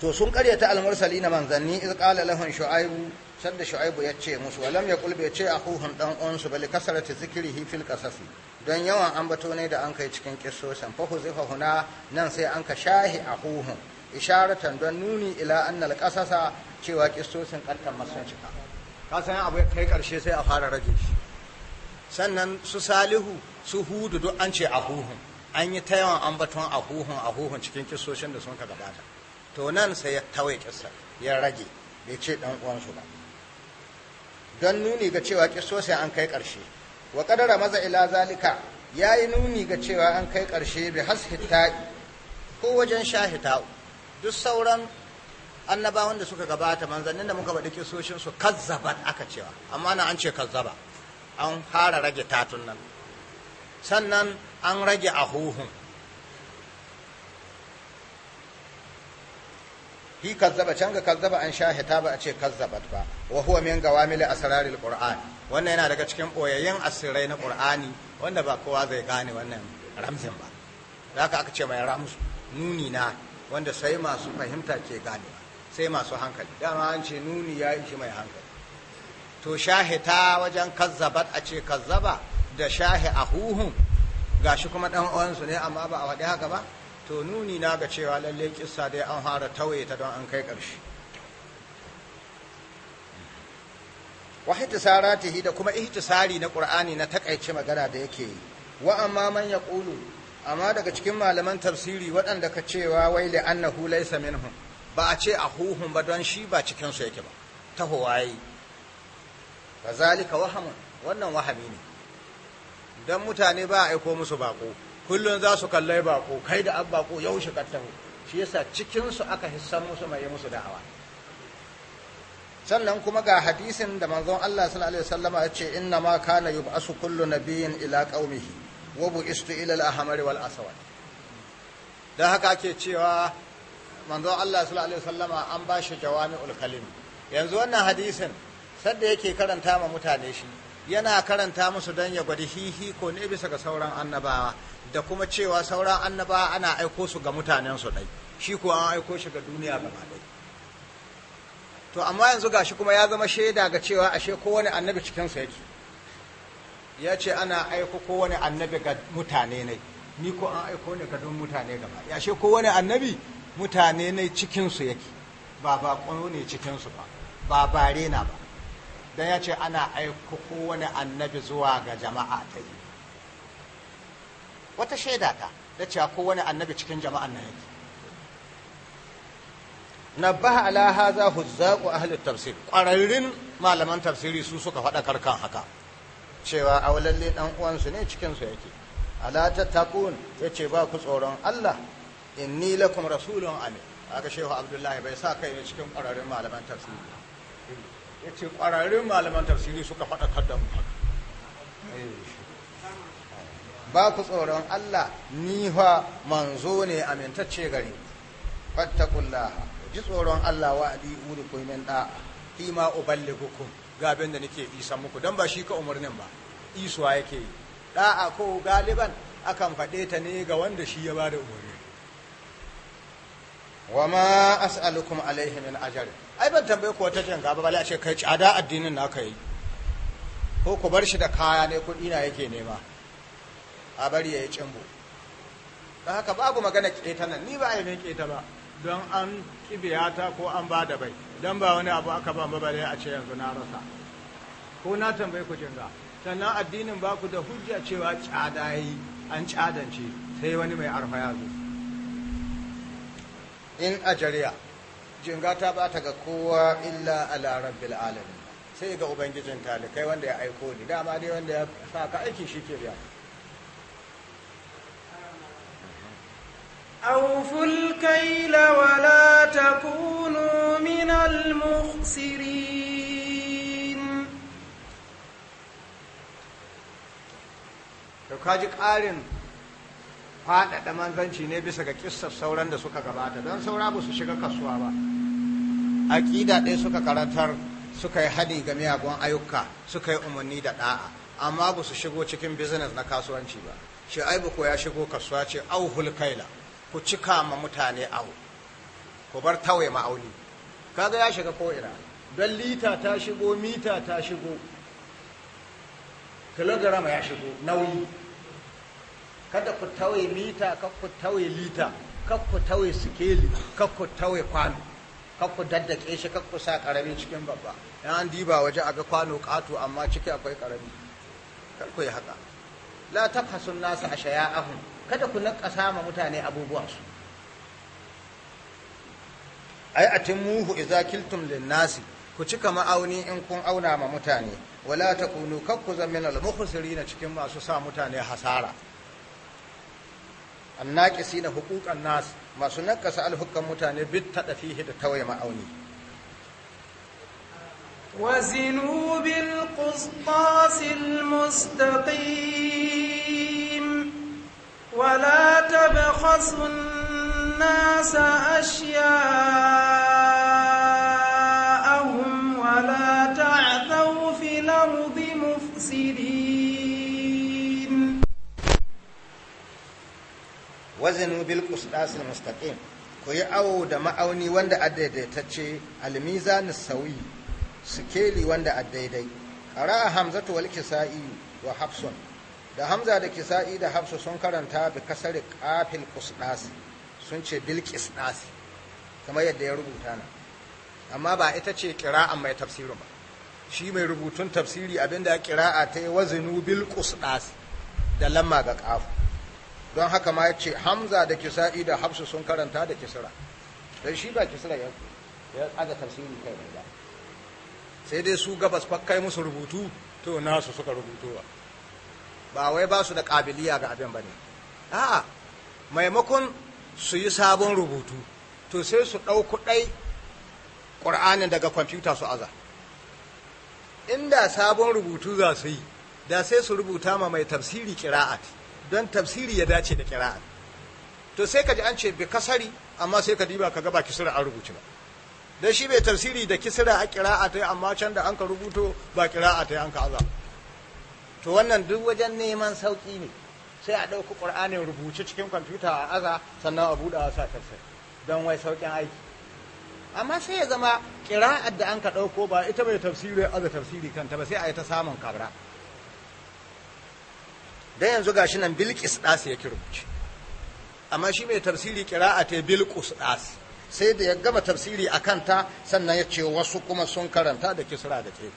to sun karyata almursali na manzanni iz qala lahum shu'aibu sadda shu'aibu ya ce musu walam yaqul bi ce ahuhum dan uwansu kasar kasarati zikrihi fil qasasi don yawan an bato ne da an kai cikin kissosan fa zifa huna nan sai an ka shahi ahuhum isharatan don nuni ila annal qasasa cewa kissosin qattan masun cika ka san abu kai karshe sai a fara rage shi sannan su salihu su hudu duk an ce ahuhun an yi ta yawan ambaton a ahuhun cikin kisoshin da sun ka gabata to nan sai ya tawaye kissa ya rage bai ce dan uwansu ba don nuni ga cewa kiso sai an kai ƙarshe wa kadara maza ila zalika ya yi nuni ga cewa an kai karshe bi hita'i ko wajen sha hita'u duk sauran annabawan da suka gabata manzannin da muka baɗi kisoshin su kazzabat aka cewa amma na an ce kazzaba an fara rage tatun nan sannan an rage a huhun hi kazzaba can ga kazzaba an sha hita ba a ce kazzabat ba wa huwa min gawamil asraril qur'an wannan yana daga cikin boyayyen asirai na qur'ani wanda ba kowa zai gane wannan ramzin ba haka aka ce mai ramsu nuni na wanda sai masu fahimta ke gane sai masu hankali dama an ce nuni ya ishi mai hankali to ta wajen kazzabat a ce kazzaba da shahi Ga shi kuma ɗan uwansu ne amma ba a waɗe haka ba to nuni na ga cewa lallai kissa dai an fara Tauye ta don an kai ƙarshe wa da kuma ihtisari na ƙur'ani na takaice magana da yake yi wa amma man amma daga cikin malaman tafsiri waɗanda ka cewa wai li annahu laysa minhum ba a ce a huhun ba don shi ba cikin su yake ba tahowaye fa zalika wahamun wannan wahami ne dan mutane ba a aiko musu bako kullum za su kallai bako kai da abba ko yaushe kattahu shi yasa cikin aka hissan musu mai musu da'awa sannan kuma ga hadisin da manzon Allah sallallahu alaihi wasallama ya ce inna ma kana yub'asu kullu nabiyyin ila qaumihi wa bu'istu ila al-ahmar wal aswad dan haka ake cewa manzon Allah sallallahu alaihi wasallama an bashi jawami'ul kalim yanzu wannan hadisin sadda yake karanta ma mutane shi yana karanta musu don ya gwada hihi ko ne bisa ga sauran annabawa da kuma cewa sauran annabawa ana aiko su ga mutanen su dai shi ko an aiko shi ga duniya gaba dai to amma yanzu gashi kuma ya zama shaida ga cewa ashe kowane annabi cikin sa yake ya ce ana aiko kowane annabi ga mutane ne ni ko an aiko ne ga don mutane gaba ya ce kowane annabi mutane ne cikin su yake ba ba ne cikin su ba ba bare na ba don ya ce ana aiko kowane annabi zuwa ga jama'a ta yi wata shaida ta da cewa kowane annabi cikin jama'an na yake nabbaha ala haza huzzaqu ahli tafsir ƙwararrun malaman tafsiri su suka faɗa karkan haka cewa a lalle dan uwansu ne cikinsu su yake ala tattaqun yace ba ku tsoron Allah inni lakum rasulun amin aka shehu abdullahi bai sa kai ne cikin ƙwararrun malaman tafsiri ya ce ƙwararrun malaman tafsiri suka faɗa da mu ba ku tsoron Allah ni fa manzo ne amintacce gare fattakullaha ji tsoron Allah wa uri da nan da'a ima ga abin da nake isa muku dan ba shi ka umarnin ba isuwa yake yi da'a ko galiban akan faɗe ta ne ga wanda shi ya bada umarni wa ma as'alukum alaihi min ajrin ai ban tambaye ku wata janga ba bale a ce kai tsada addinin naka yi ko ku bar shi da kaya ne kuɗi na yake nema a bari ya yi cimbo da haka babu magana keta nan ni ba a yi mai keta ba don an kibiyata ko an ba da bai don ba wani abu aka ban babare a ce yanzu na rasa ko na tambaye ku jinga sannan addinin ba ku da hujja cewa tsada yi an tsadance sai wani mai arfa ya zo in ajariya jinga ta bata ga kowa illa ala rabbil alamin sai ga ubangijin talikai wanda ya aiko ni dama dai wanda ya sa ka aiki shi ke biya أوفوا wala takunu تكونوا من المخسرين to kaji ƙarin faɗaɗa manzanci ne bisa ga kissar sauran da suka gabata don saura ba su shiga kasuwa ba aƙida ɗaya suka karantar suka yi haɗi ga miyagun ayyuka suka yi umarni da ɗa'a amma ba su shigo cikin business na kasuwanci ba shi aibu ko ya shigo kasuwa ce au hulkaila ku cika ma mutane au ku bar tawaye ma'auni kaga ya shiga ko'ina don lita ta shigo mita ta shigo kilograma ya shigo nauyi kada ku tawaye mita kakku ku lita kakku ku sikeli kakku ku kwano kakku daddake shi kakku sa karami cikin babba ya an diba waje a ga kwano kato amma ciki akwai karami ku yi haka la sun nasu a shaya'ahum kada ku nakasa ma mutane abubuwansu ai atimmuhu idza kiltum lin-nasi ku cika ma'auni in kun auna ma mutane wala ta takunu kakku zammin al na cikin masu sa mutane hasara annaqisi na huquqan nas masu nakasa alhukan mutane bit tadafihi da ta tawaye ma'auni wazinu bil qistasil mustaqim wala tabkhasu an-nasa ashya'a wazinu bil qisdasil mustaqim ku yi awo da ma'auni wanda a daidaitacce almizan sawi sikeli wanda a daidai qara'a hamzatu wal kisa'i wa hafsun da hamza da kisa'i da hafsu sun karanta bi kasari qafil qisdas sun ce bil qisdas kamar yadda ya rubuta na amma ba ita ce qira'a mai tafsirin ba shi mai rubutun tafsiri abinda ya qira'a ta yi wazinu bil qisdas da lamma ga qafu don haka ma ya ce hamza da kisa'i da hafsu sun karanta da kisira. don shi ba kisira ya aga tafsiri kai mai ba sai dai su gabas kai musu rubutu to nasu suka rubutu ba Ba wai ba su da ƙabiliya ga abin ba ne a'a maimakon su yi sabon rubutu to sai su ɗauku ɗai ƙur'anin daga kwamfuta su aza inda sabon rubutu za su yi da sai su rubuta ma mai tafsiri ƙira'at don tafsiri ya dace da kira'a to sai ka ji an ce bai kasari amma sai ka diba ka gaba kisira an rubuce ba Don shi bai tafsiri da kisira a kira'a ta yi amma can da an ka rubuto ba kira'a ta yi an ka aza to wannan duk wajen neman sauki ne sai a ɗauki ƙur'anin rubuce cikin kwamfuta a aza sannan a buɗe a sa tafsir don wai sauƙin aiki amma sai ya zama ƙira'ar da an ka ɗauko ba ita bai tafsiri aza tafsiri kanta ba sai a yi ta samun kabra dan yanzu gashi nan bilqis ya yake rubuce amma shi mai tafsiri kira'a ta bilkus das sai da ya gama tafsiri a kanta sannan ya ce wasu kuma sun karanta da kisra da ke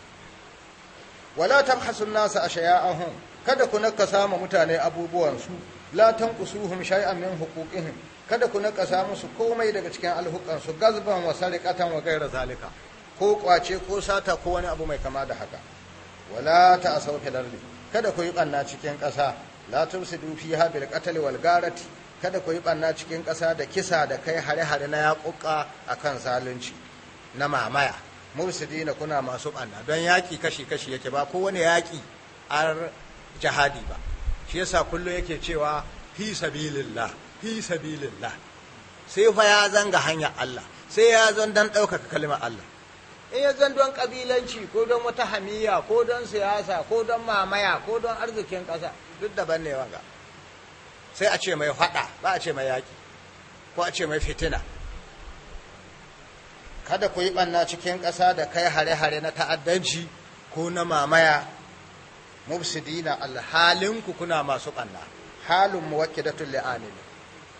wala tabhasun nasa shaya'ahun kada ku naka samu mutane abubuwansu la tanqusuhum shay'an min huquqihim kada ku naka samu su komai daga cikin alhukansu gazban wa sariqatan wa ghayra zalika ko kwace ko sata ko wani abu mai kama da haka wala ta a fil ardi kada ku yi banna cikin ƙasa la tufsidu fi habil qatl wal garati kada ku yi banna cikin ƙasa da kisa da kai hare-hare na yaƙuƙa akan zalunci na mamaya mursidina kuna masu ɓanna. don yaƙi kashi-kashi yake ba kowane yaƙi ar jihadi ba shi yasa kullum yake cewa fi sabilillah fi sabilillah sai fa ya zanga hanyar Allah sai ya zan dan ɗaukaka kalmar Allah in ya zan don ƙabilanci ko don wata hamiya ko don siyasa ko don mamaya ko don arzikin ƙasa duk daban ne wanga sai a ce mai faɗa ba a ce mai yaƙi ko a ce mai fitina kada ku yi ɓanna cikin ƙasa da kai hare-hare na ta'addanci ko na mamaya mubsidina alhalinku kuna masu ɓanna halin muwakkidatul li'amili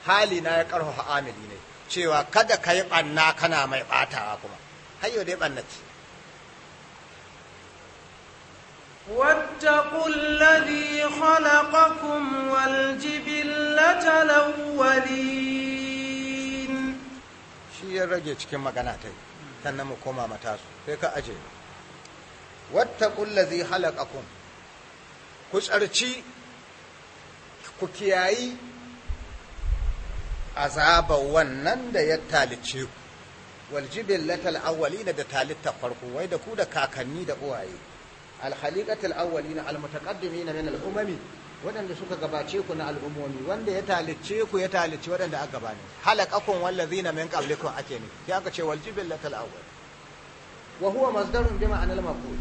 hali na ya ƙarfafa amili ne cewa kada ka yi ɓanna kana mai ɓatawa kuma har yau dai ɓanna ce واتقوا الذي shi ya rage cikin magana ta yi ta mu koma mata sai ka aje zai ladzi kun ku tsarci ku kiyayi azabar wannan da ya talice ku Awali ne da talitta farko wai da ku da kakanni da uwaye na awwalina almutaqaddimina min al'umami waɗanda suka gabace ku na al'ummomi wanda ya talice ku ya talice waɗanda aka gabane halaqakum wallazina min qablikum ake ne sai aka ce waljibillatal awwal wa huwa masdarun bi ma'anal maqul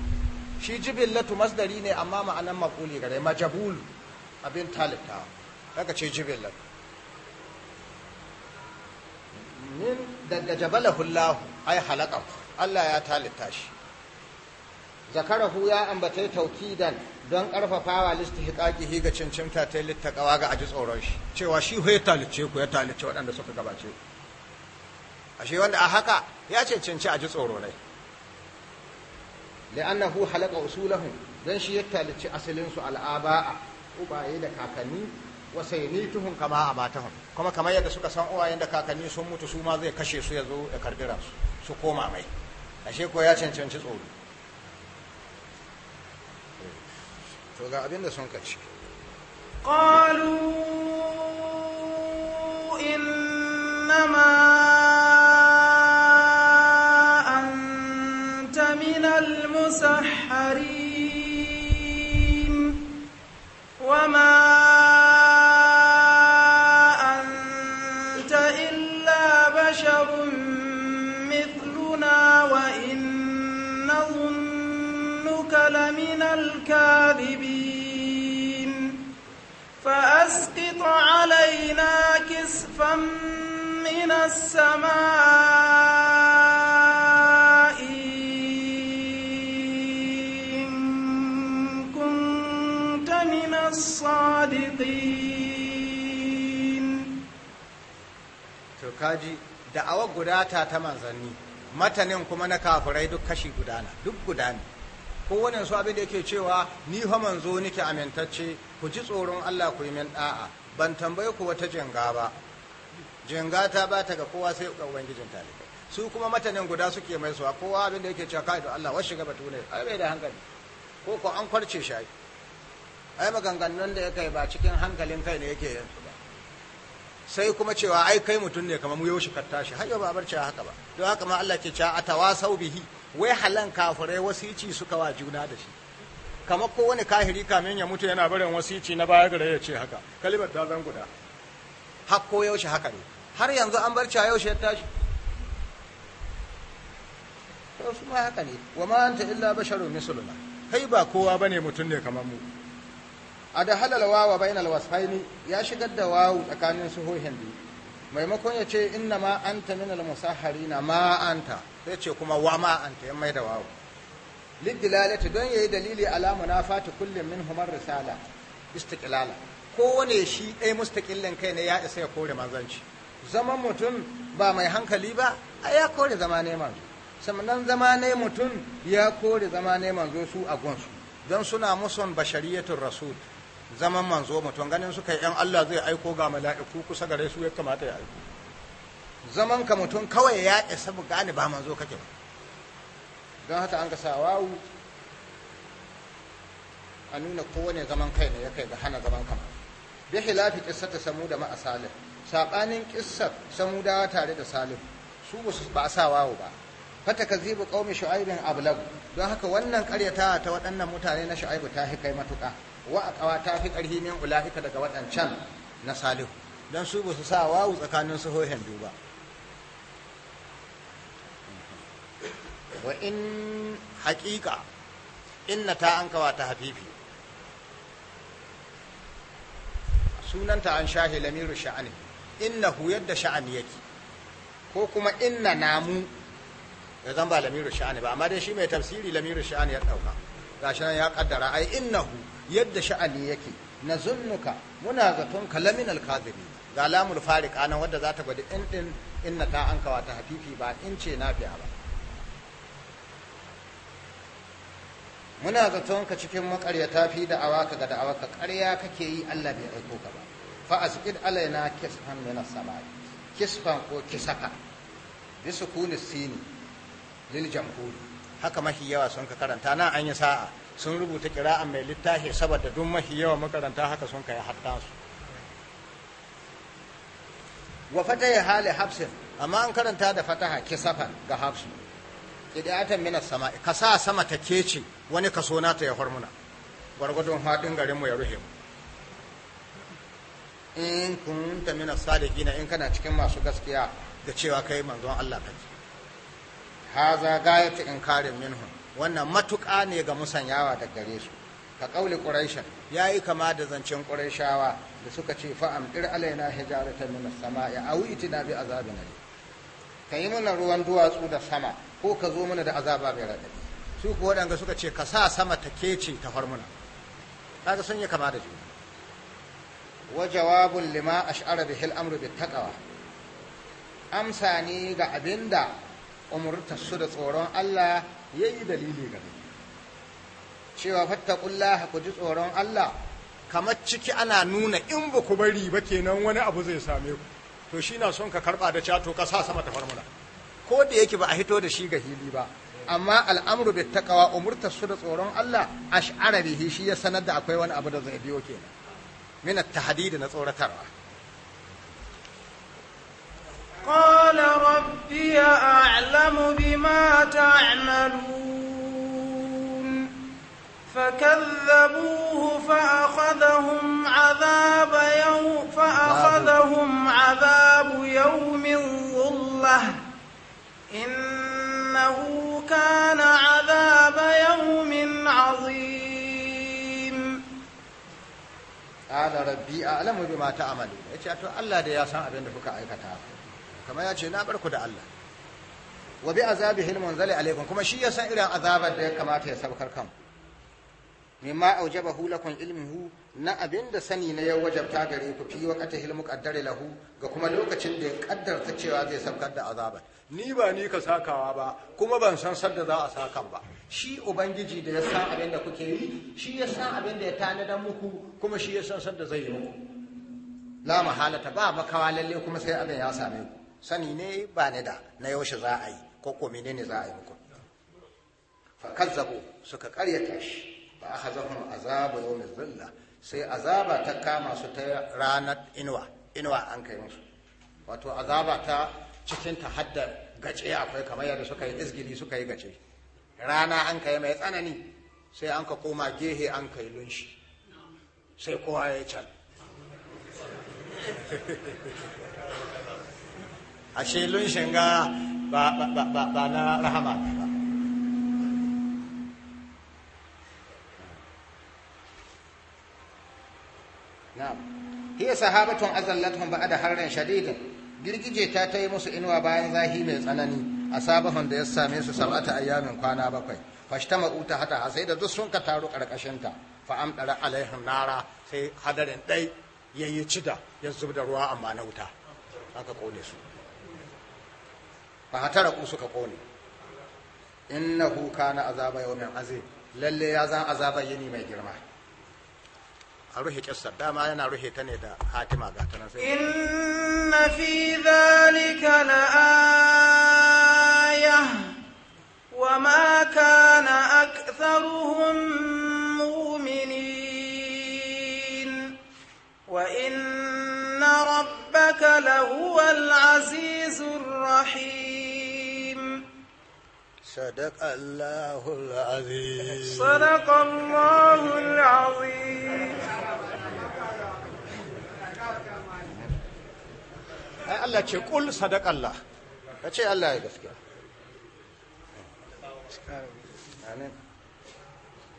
shi jibillatu masdari ne amma ma'anan maquli gare majabul abin talitta aka ce jibillatu min daga jabalahu Allah ai halaka Allah ya talitta shi zakarahu ya ambatai taukidan don karfafawa listihqaqihi ga cincinta ta kawa ga aji tsoron shi cewa shi ya talice ku ya talice waɗanda suka gabace ashe wanda a haka ya cincin aji tsoro ne hu halaka usulahum dan shi ya talice asalin su al'aba'a ubaye da kakanni wa kama abatahum kuma kamar yadda suka san uwayen da kakanni sun mutu su ma zai kashe su ya zo ya karbi ransu su koma mai ashe ko ya cancanci tsoro to ga abin da sun kace قالوا إنما علينا كسفا من السماء kaji da من guda ta ta matanin kuma na kafirai duk kashi gudana duk gudana kowane su abin da yake cewa ni fa manzo nike amintacce ku ji tsoron Allah ku yi min da'a ban tambaye ku wata jinga ba jinga ta ba ta ga kowa sai ga ubangijin talibai su kuma matanin guda suke mai suwa kowa abin da yake cewa kai da Allah wasu shiga batu ai bai da hankali ko ko an kwarce shi ai maganganun da ya kai ba cikin hankalin kai ne yake yin su ba sai kuma cewa ai kai mutun ne kamar mu yau shi katta shi har yau ba barci haka ba don haka ma Allah ke cewa atawasau bihi wai halan kafirai wasici suka wa juna da shi kamar wani kahiri kamin ya mutu yana barin wasici na baya gare ya ce haka kalimar ta zan guda Hakko yaushe haka ne har yanzu an barci a yaushe ya tashi to su ma haka ne wa ma anta illa basharun misluna kai ba kowa bane mutum ne kamar mu a da halal wawa bainal wasfaini ya shigar da wawu tsakanin hohen biyu maimakon ya ce inna ma anta minal musaharina ma anta sai ce kuma wa ma anta ya mai da wawu liddilalati don ya yi dalili na fati kullum min humar risala ko wane shi ɗaya mustaƙillin kai ne ya isa ya kore manzanci zaman mutum ba mai hankali ba a ya kore zama ne manzo sannan zama ne mutum ya kore zama ne manzo su a gunsu don suna muson bashariyatun rasul zaman manzo mutum ganin suka yi 'yan Allah zai aiko ga mala'iku kusa gare su ya kamata ya aiko zaman ka mutum kawai ya isa gane ba manzo kake ba don haka an ga sa wawu a nuna kowane zaman kai ne ya kai ga hana zaman kama bi hilafi qissata samuda ma asalih kisar qissar samudawa tare da salim su ba su ba sa wawu ba fata kazibu qaumi shu'aibin ablagu don haka wannan karyata ta waɗannan mutane na shu'aibu ta kai matuƙa wa ƙawa ta fi ƙarhimin min ulahika daga waɗancan na salihu don su ba su sa wawu tsakanin su hohen biyu ba wa in haƙiƙa inna ta an kawa ta hafifi sunanta an shahe lamiru sha'ani hu yadda sha'ani yake ko kuma inna namu ya zan ba lamiru sha'ani ba amma dai shi mai tafsiri lamiru sha'ani ya ɗauka gashi nan ya kaddara ai hu yadda sha'ani yake na zunnuka muna zaton kalamin alkaziri ga lamul fariqa nan wadda za ta gwada in din inna ta an kawa ta hafifi ba in ce na biya ba muna zaton ka cikin makaryata fi da awaka ga da'awaka ƙarya kake yi Allah bai aiko ka ba fa asqid alaina kisfan min as-samai kisfan ko kisaka bi sukuni sini lil jamhur haka mahi yawa sun ka karanta nan an yi sa'a sun rubuta kira'an mai littafi saboda duk mahi yawa makaranta haka sun kai hatta su wa fataha hali hafsin amma an karanta da fataha kisafan ga hafsu idatan minas sama ka sa sama ta kece wani kaso na ta ya hormuna gwargwadon haɗin garinmu ya ruhe mu in kunta mina na in kana cikin masu gaskiya da cewa kai manzon Allah kake haza ta inkarin minhu wannan matuƙa ne ga musanyawa da gare su ka kauli ya yayi kama da zancen quraishawa da suka ce fa amdir alaina hijaratan min sama ya aw itina bi azabin alim ka yi mana ruwan duwatsu da sama ko ka zo mana da azaba mai raɗaɗi su kuwa waɗanda suka ce ka sa sama ta kece ta farmuna kaga sun yi kama da juna wa jawabun lima ash'ara bihi al-amru bi taqwa amsa ne ga abinda umurta su da tsoron Allah yayi dalili ni. cewa fattaqullaha ku ji tsoron Allah kamar ciki ana nuna in ba ku bari ba kenan wani abu zai same ku to shi na son ka karba da cato ka sa sama ta farmula ko da yake ba a hito da shi ga hili ba amma al'amru bi taqwa umurta su da tsoron Allah ash'ara bihi shi ya sanar da akwai wani abu da zai biyo kenan min at-tahdid na tsoratarwa قال ربي a'lamu bima تعملون فكذبوه فأخذهم عذاب يوم فأخذهم عذاب يوم الظلة إنه كان عذاب يوم عظيم قال ربي أعلم بما تعملون يا الله ده يا سان أبين ده كوكا أيكتا كما يا na barku da Allah wa bi azabihi almunzali alaikum kuma shi ya san irin azabar da ya kamata ya saukar kanku ma mimma aujabahu lakum ilmuhu na da sani na ya wajabta gare ku fi waqati hilmu muqaddari lahu ga kuma lokacin da ya kaddarta cewa zai saukar da azaban ni ba ni ka sakawa ba kuma ban san sadda za a sakan ba shi ubangiji da ya sa abin da kuke yi shi ya sa abin da ya tanada muku kuma shi ya san sadda zai yi muku la mahalata ba makawa lalle kuma sai abin ya same ku sani ne ba da na yaushe za a yi ko ko menene za a yi muku fa kazzabu suka karyata shi ba a hazafin azaba yau zilla sai azaba ta kama su ta ranar inuwa inuwa an kai musu wato azaba ta cikin ta hadda gace akwai kamar yadda suka yi izgili suka yi gace rana an kai mai tsanani sai an ka koma gehe an kai lunshi sai kowa ya can ashe lunshin ga ba na rahama hiya sahabatun azallatun ba'da harrin shadidin girgije ta ta yi musu inuwa bayan zahi mai tsanani a sabahun da ya same su sab'ata ayyamin kwana bakwai fashtama ma'uta hata sai da duk sun ka taru karkashin ta fa amdara alaihim nara sai hadarin dai yayi cida ya zub da ruwa amma na wuta aka kone su fa na ku suka kone innahu kana azaba yawmin azim lalle ya zan azaba yini mai girma a ruhe kissar dama yana ruhe ta ne da hatima ga ta nan sai inna fi dhalika la aya wa ma kana aktharuhum mu'minin wa inna rabbaka lahuwal azizur rahim صدق الله العظيم صدق الله العظيم ai Allah ce kul sadaq Allah ka ce Allah ya gaskiya amin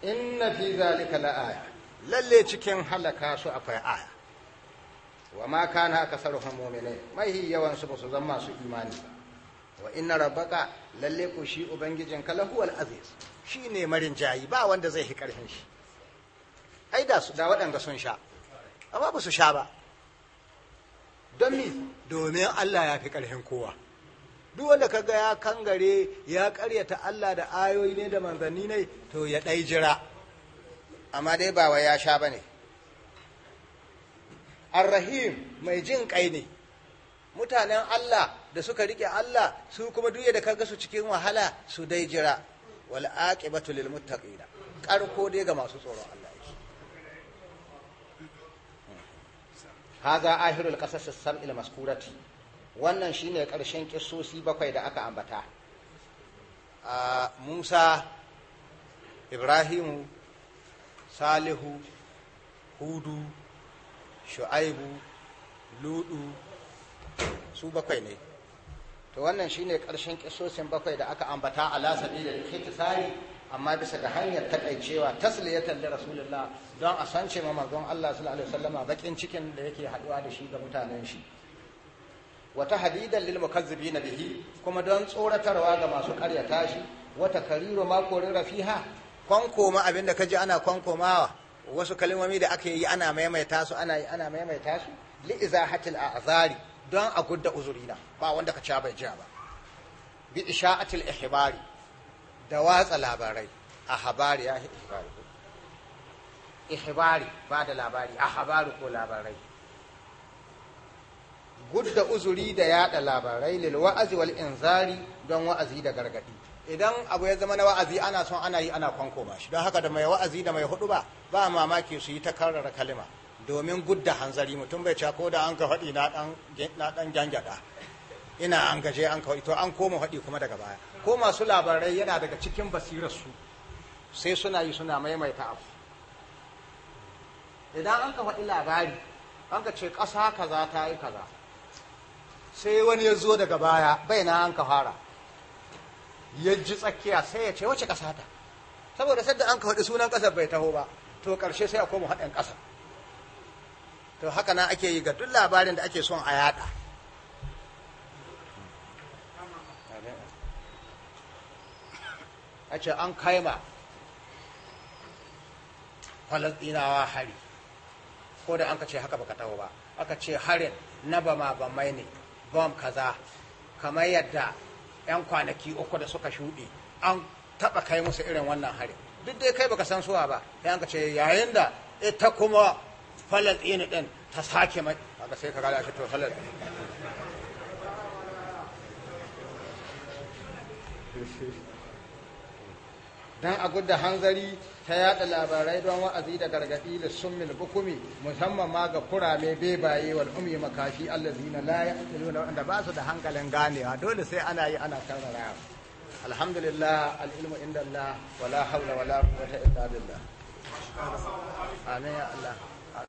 inna fi zalika la aya lalle cikin halaka su akwai aya wa maka na akasaruhum mu'minin mai yawan su ba su zama su imani wa inna rabbaka lalle ku shi ubangijin ka lahuwal aziz shi ne marin jayi ba wanda zai hi karfin shi ai da su da waɗanda sun sha amma ba su sha ba don mi domin Allah ya fi karfin kowa duk wanda kaga ya kangare ya karyata Allah da ayoyi ne da manzanni ne to ya ɗai jira amma dai ba wa ya sha bane rahim mai jin kai ne mutanen Allah da suka rike Allah su kuma duye da kaga su cikin wahala su dai jira wal aqibatu lil muttaqina karko dai ga masu tsoron Allah yake haza ahirul qasas as-sam'il maskurati wannan shine karshen kissosi bakwai da aka ambata a Musa Ibrahim, Salihu Hudu Shu'aibu Ludu su bakwai ne to wannan shine ƙarshen kisosin bakwai da aka ambata ala sabilil ikhtisari amma bisa ga hanyar takaicewa tasliyatan da rasulullah don a san ce manzon Allah sallallahu alaihi wasallama bakin cikin da yake haduwa da shi ga mutanen shi Wata hadidan lil mukazzibin bihi kuma don tsoratarwa ga masu karya shi wata takriru ma korira fiha kwankoma abinda kaji ana kwankomawa wasu kalmomi da aka yi ana maimaita su ana ana maimaita su li a'zari don a gudda uzurina ba wanda ka bai jiya ba bi isha'atil ihbari da watsa labarai a habari ya ihbari ihbari ba da labari a habari ko labarai gudda uzuri da yada labarai lil wa'azi wal inzari don wa'azi da gargadi idan abu ya zama na wa'azi ana son ana yi ana kwanko ba shi don haka da mai wa'azi da mai hudu ba ba mamaki su yi ta karrara kalima domin gudda hanzari mutum bai ko da an ka faɗi na ɗan gyangyaɗa ina an gaje an ka to an koma faɗi kuma daga baya ko masu labarai yana daga cikin basirarsu sai suna yi suna maimaita abu idan an ka faɗi labari an ka ce ƙasa kaza ta yi kaza sai wani ya zo daga baya bai na an ka fara ya ji tsakiya sai ya ce wace ƙasa ta saboda sadda an ka faɗi sunan ƙasar bai taho ba to ƙarshe sai a koma haɗin ƙasar to haka na ake yi ga duk labarin da ake son a yada a ce an kaima falazinawa hari ko da an ka ce haka baka tawo ba aka ce harin na bama bamai ne bom kaza kamar yadda 'yan kwanaki uku da suka shuɗe an taɓa kai musu irin wannan harin duk dai kai baka san suwa ba sai ka ce yayin da ita kuma falasɗinu ɗin ta sake mai haka sai ka gada ake to falas don a gudda hanzari ta yada labarai don wa'azi da gargaɗi da summil hukumi musamman ma ga kurame bebaye wal umi makashi allazina la ya'qiluna wanda ba su da hankalin ganewa dole sai ana yi ana karrara alhamdulillah al'ilmu inda Allah wala hawla wala quwwata illa billah amin ya Allah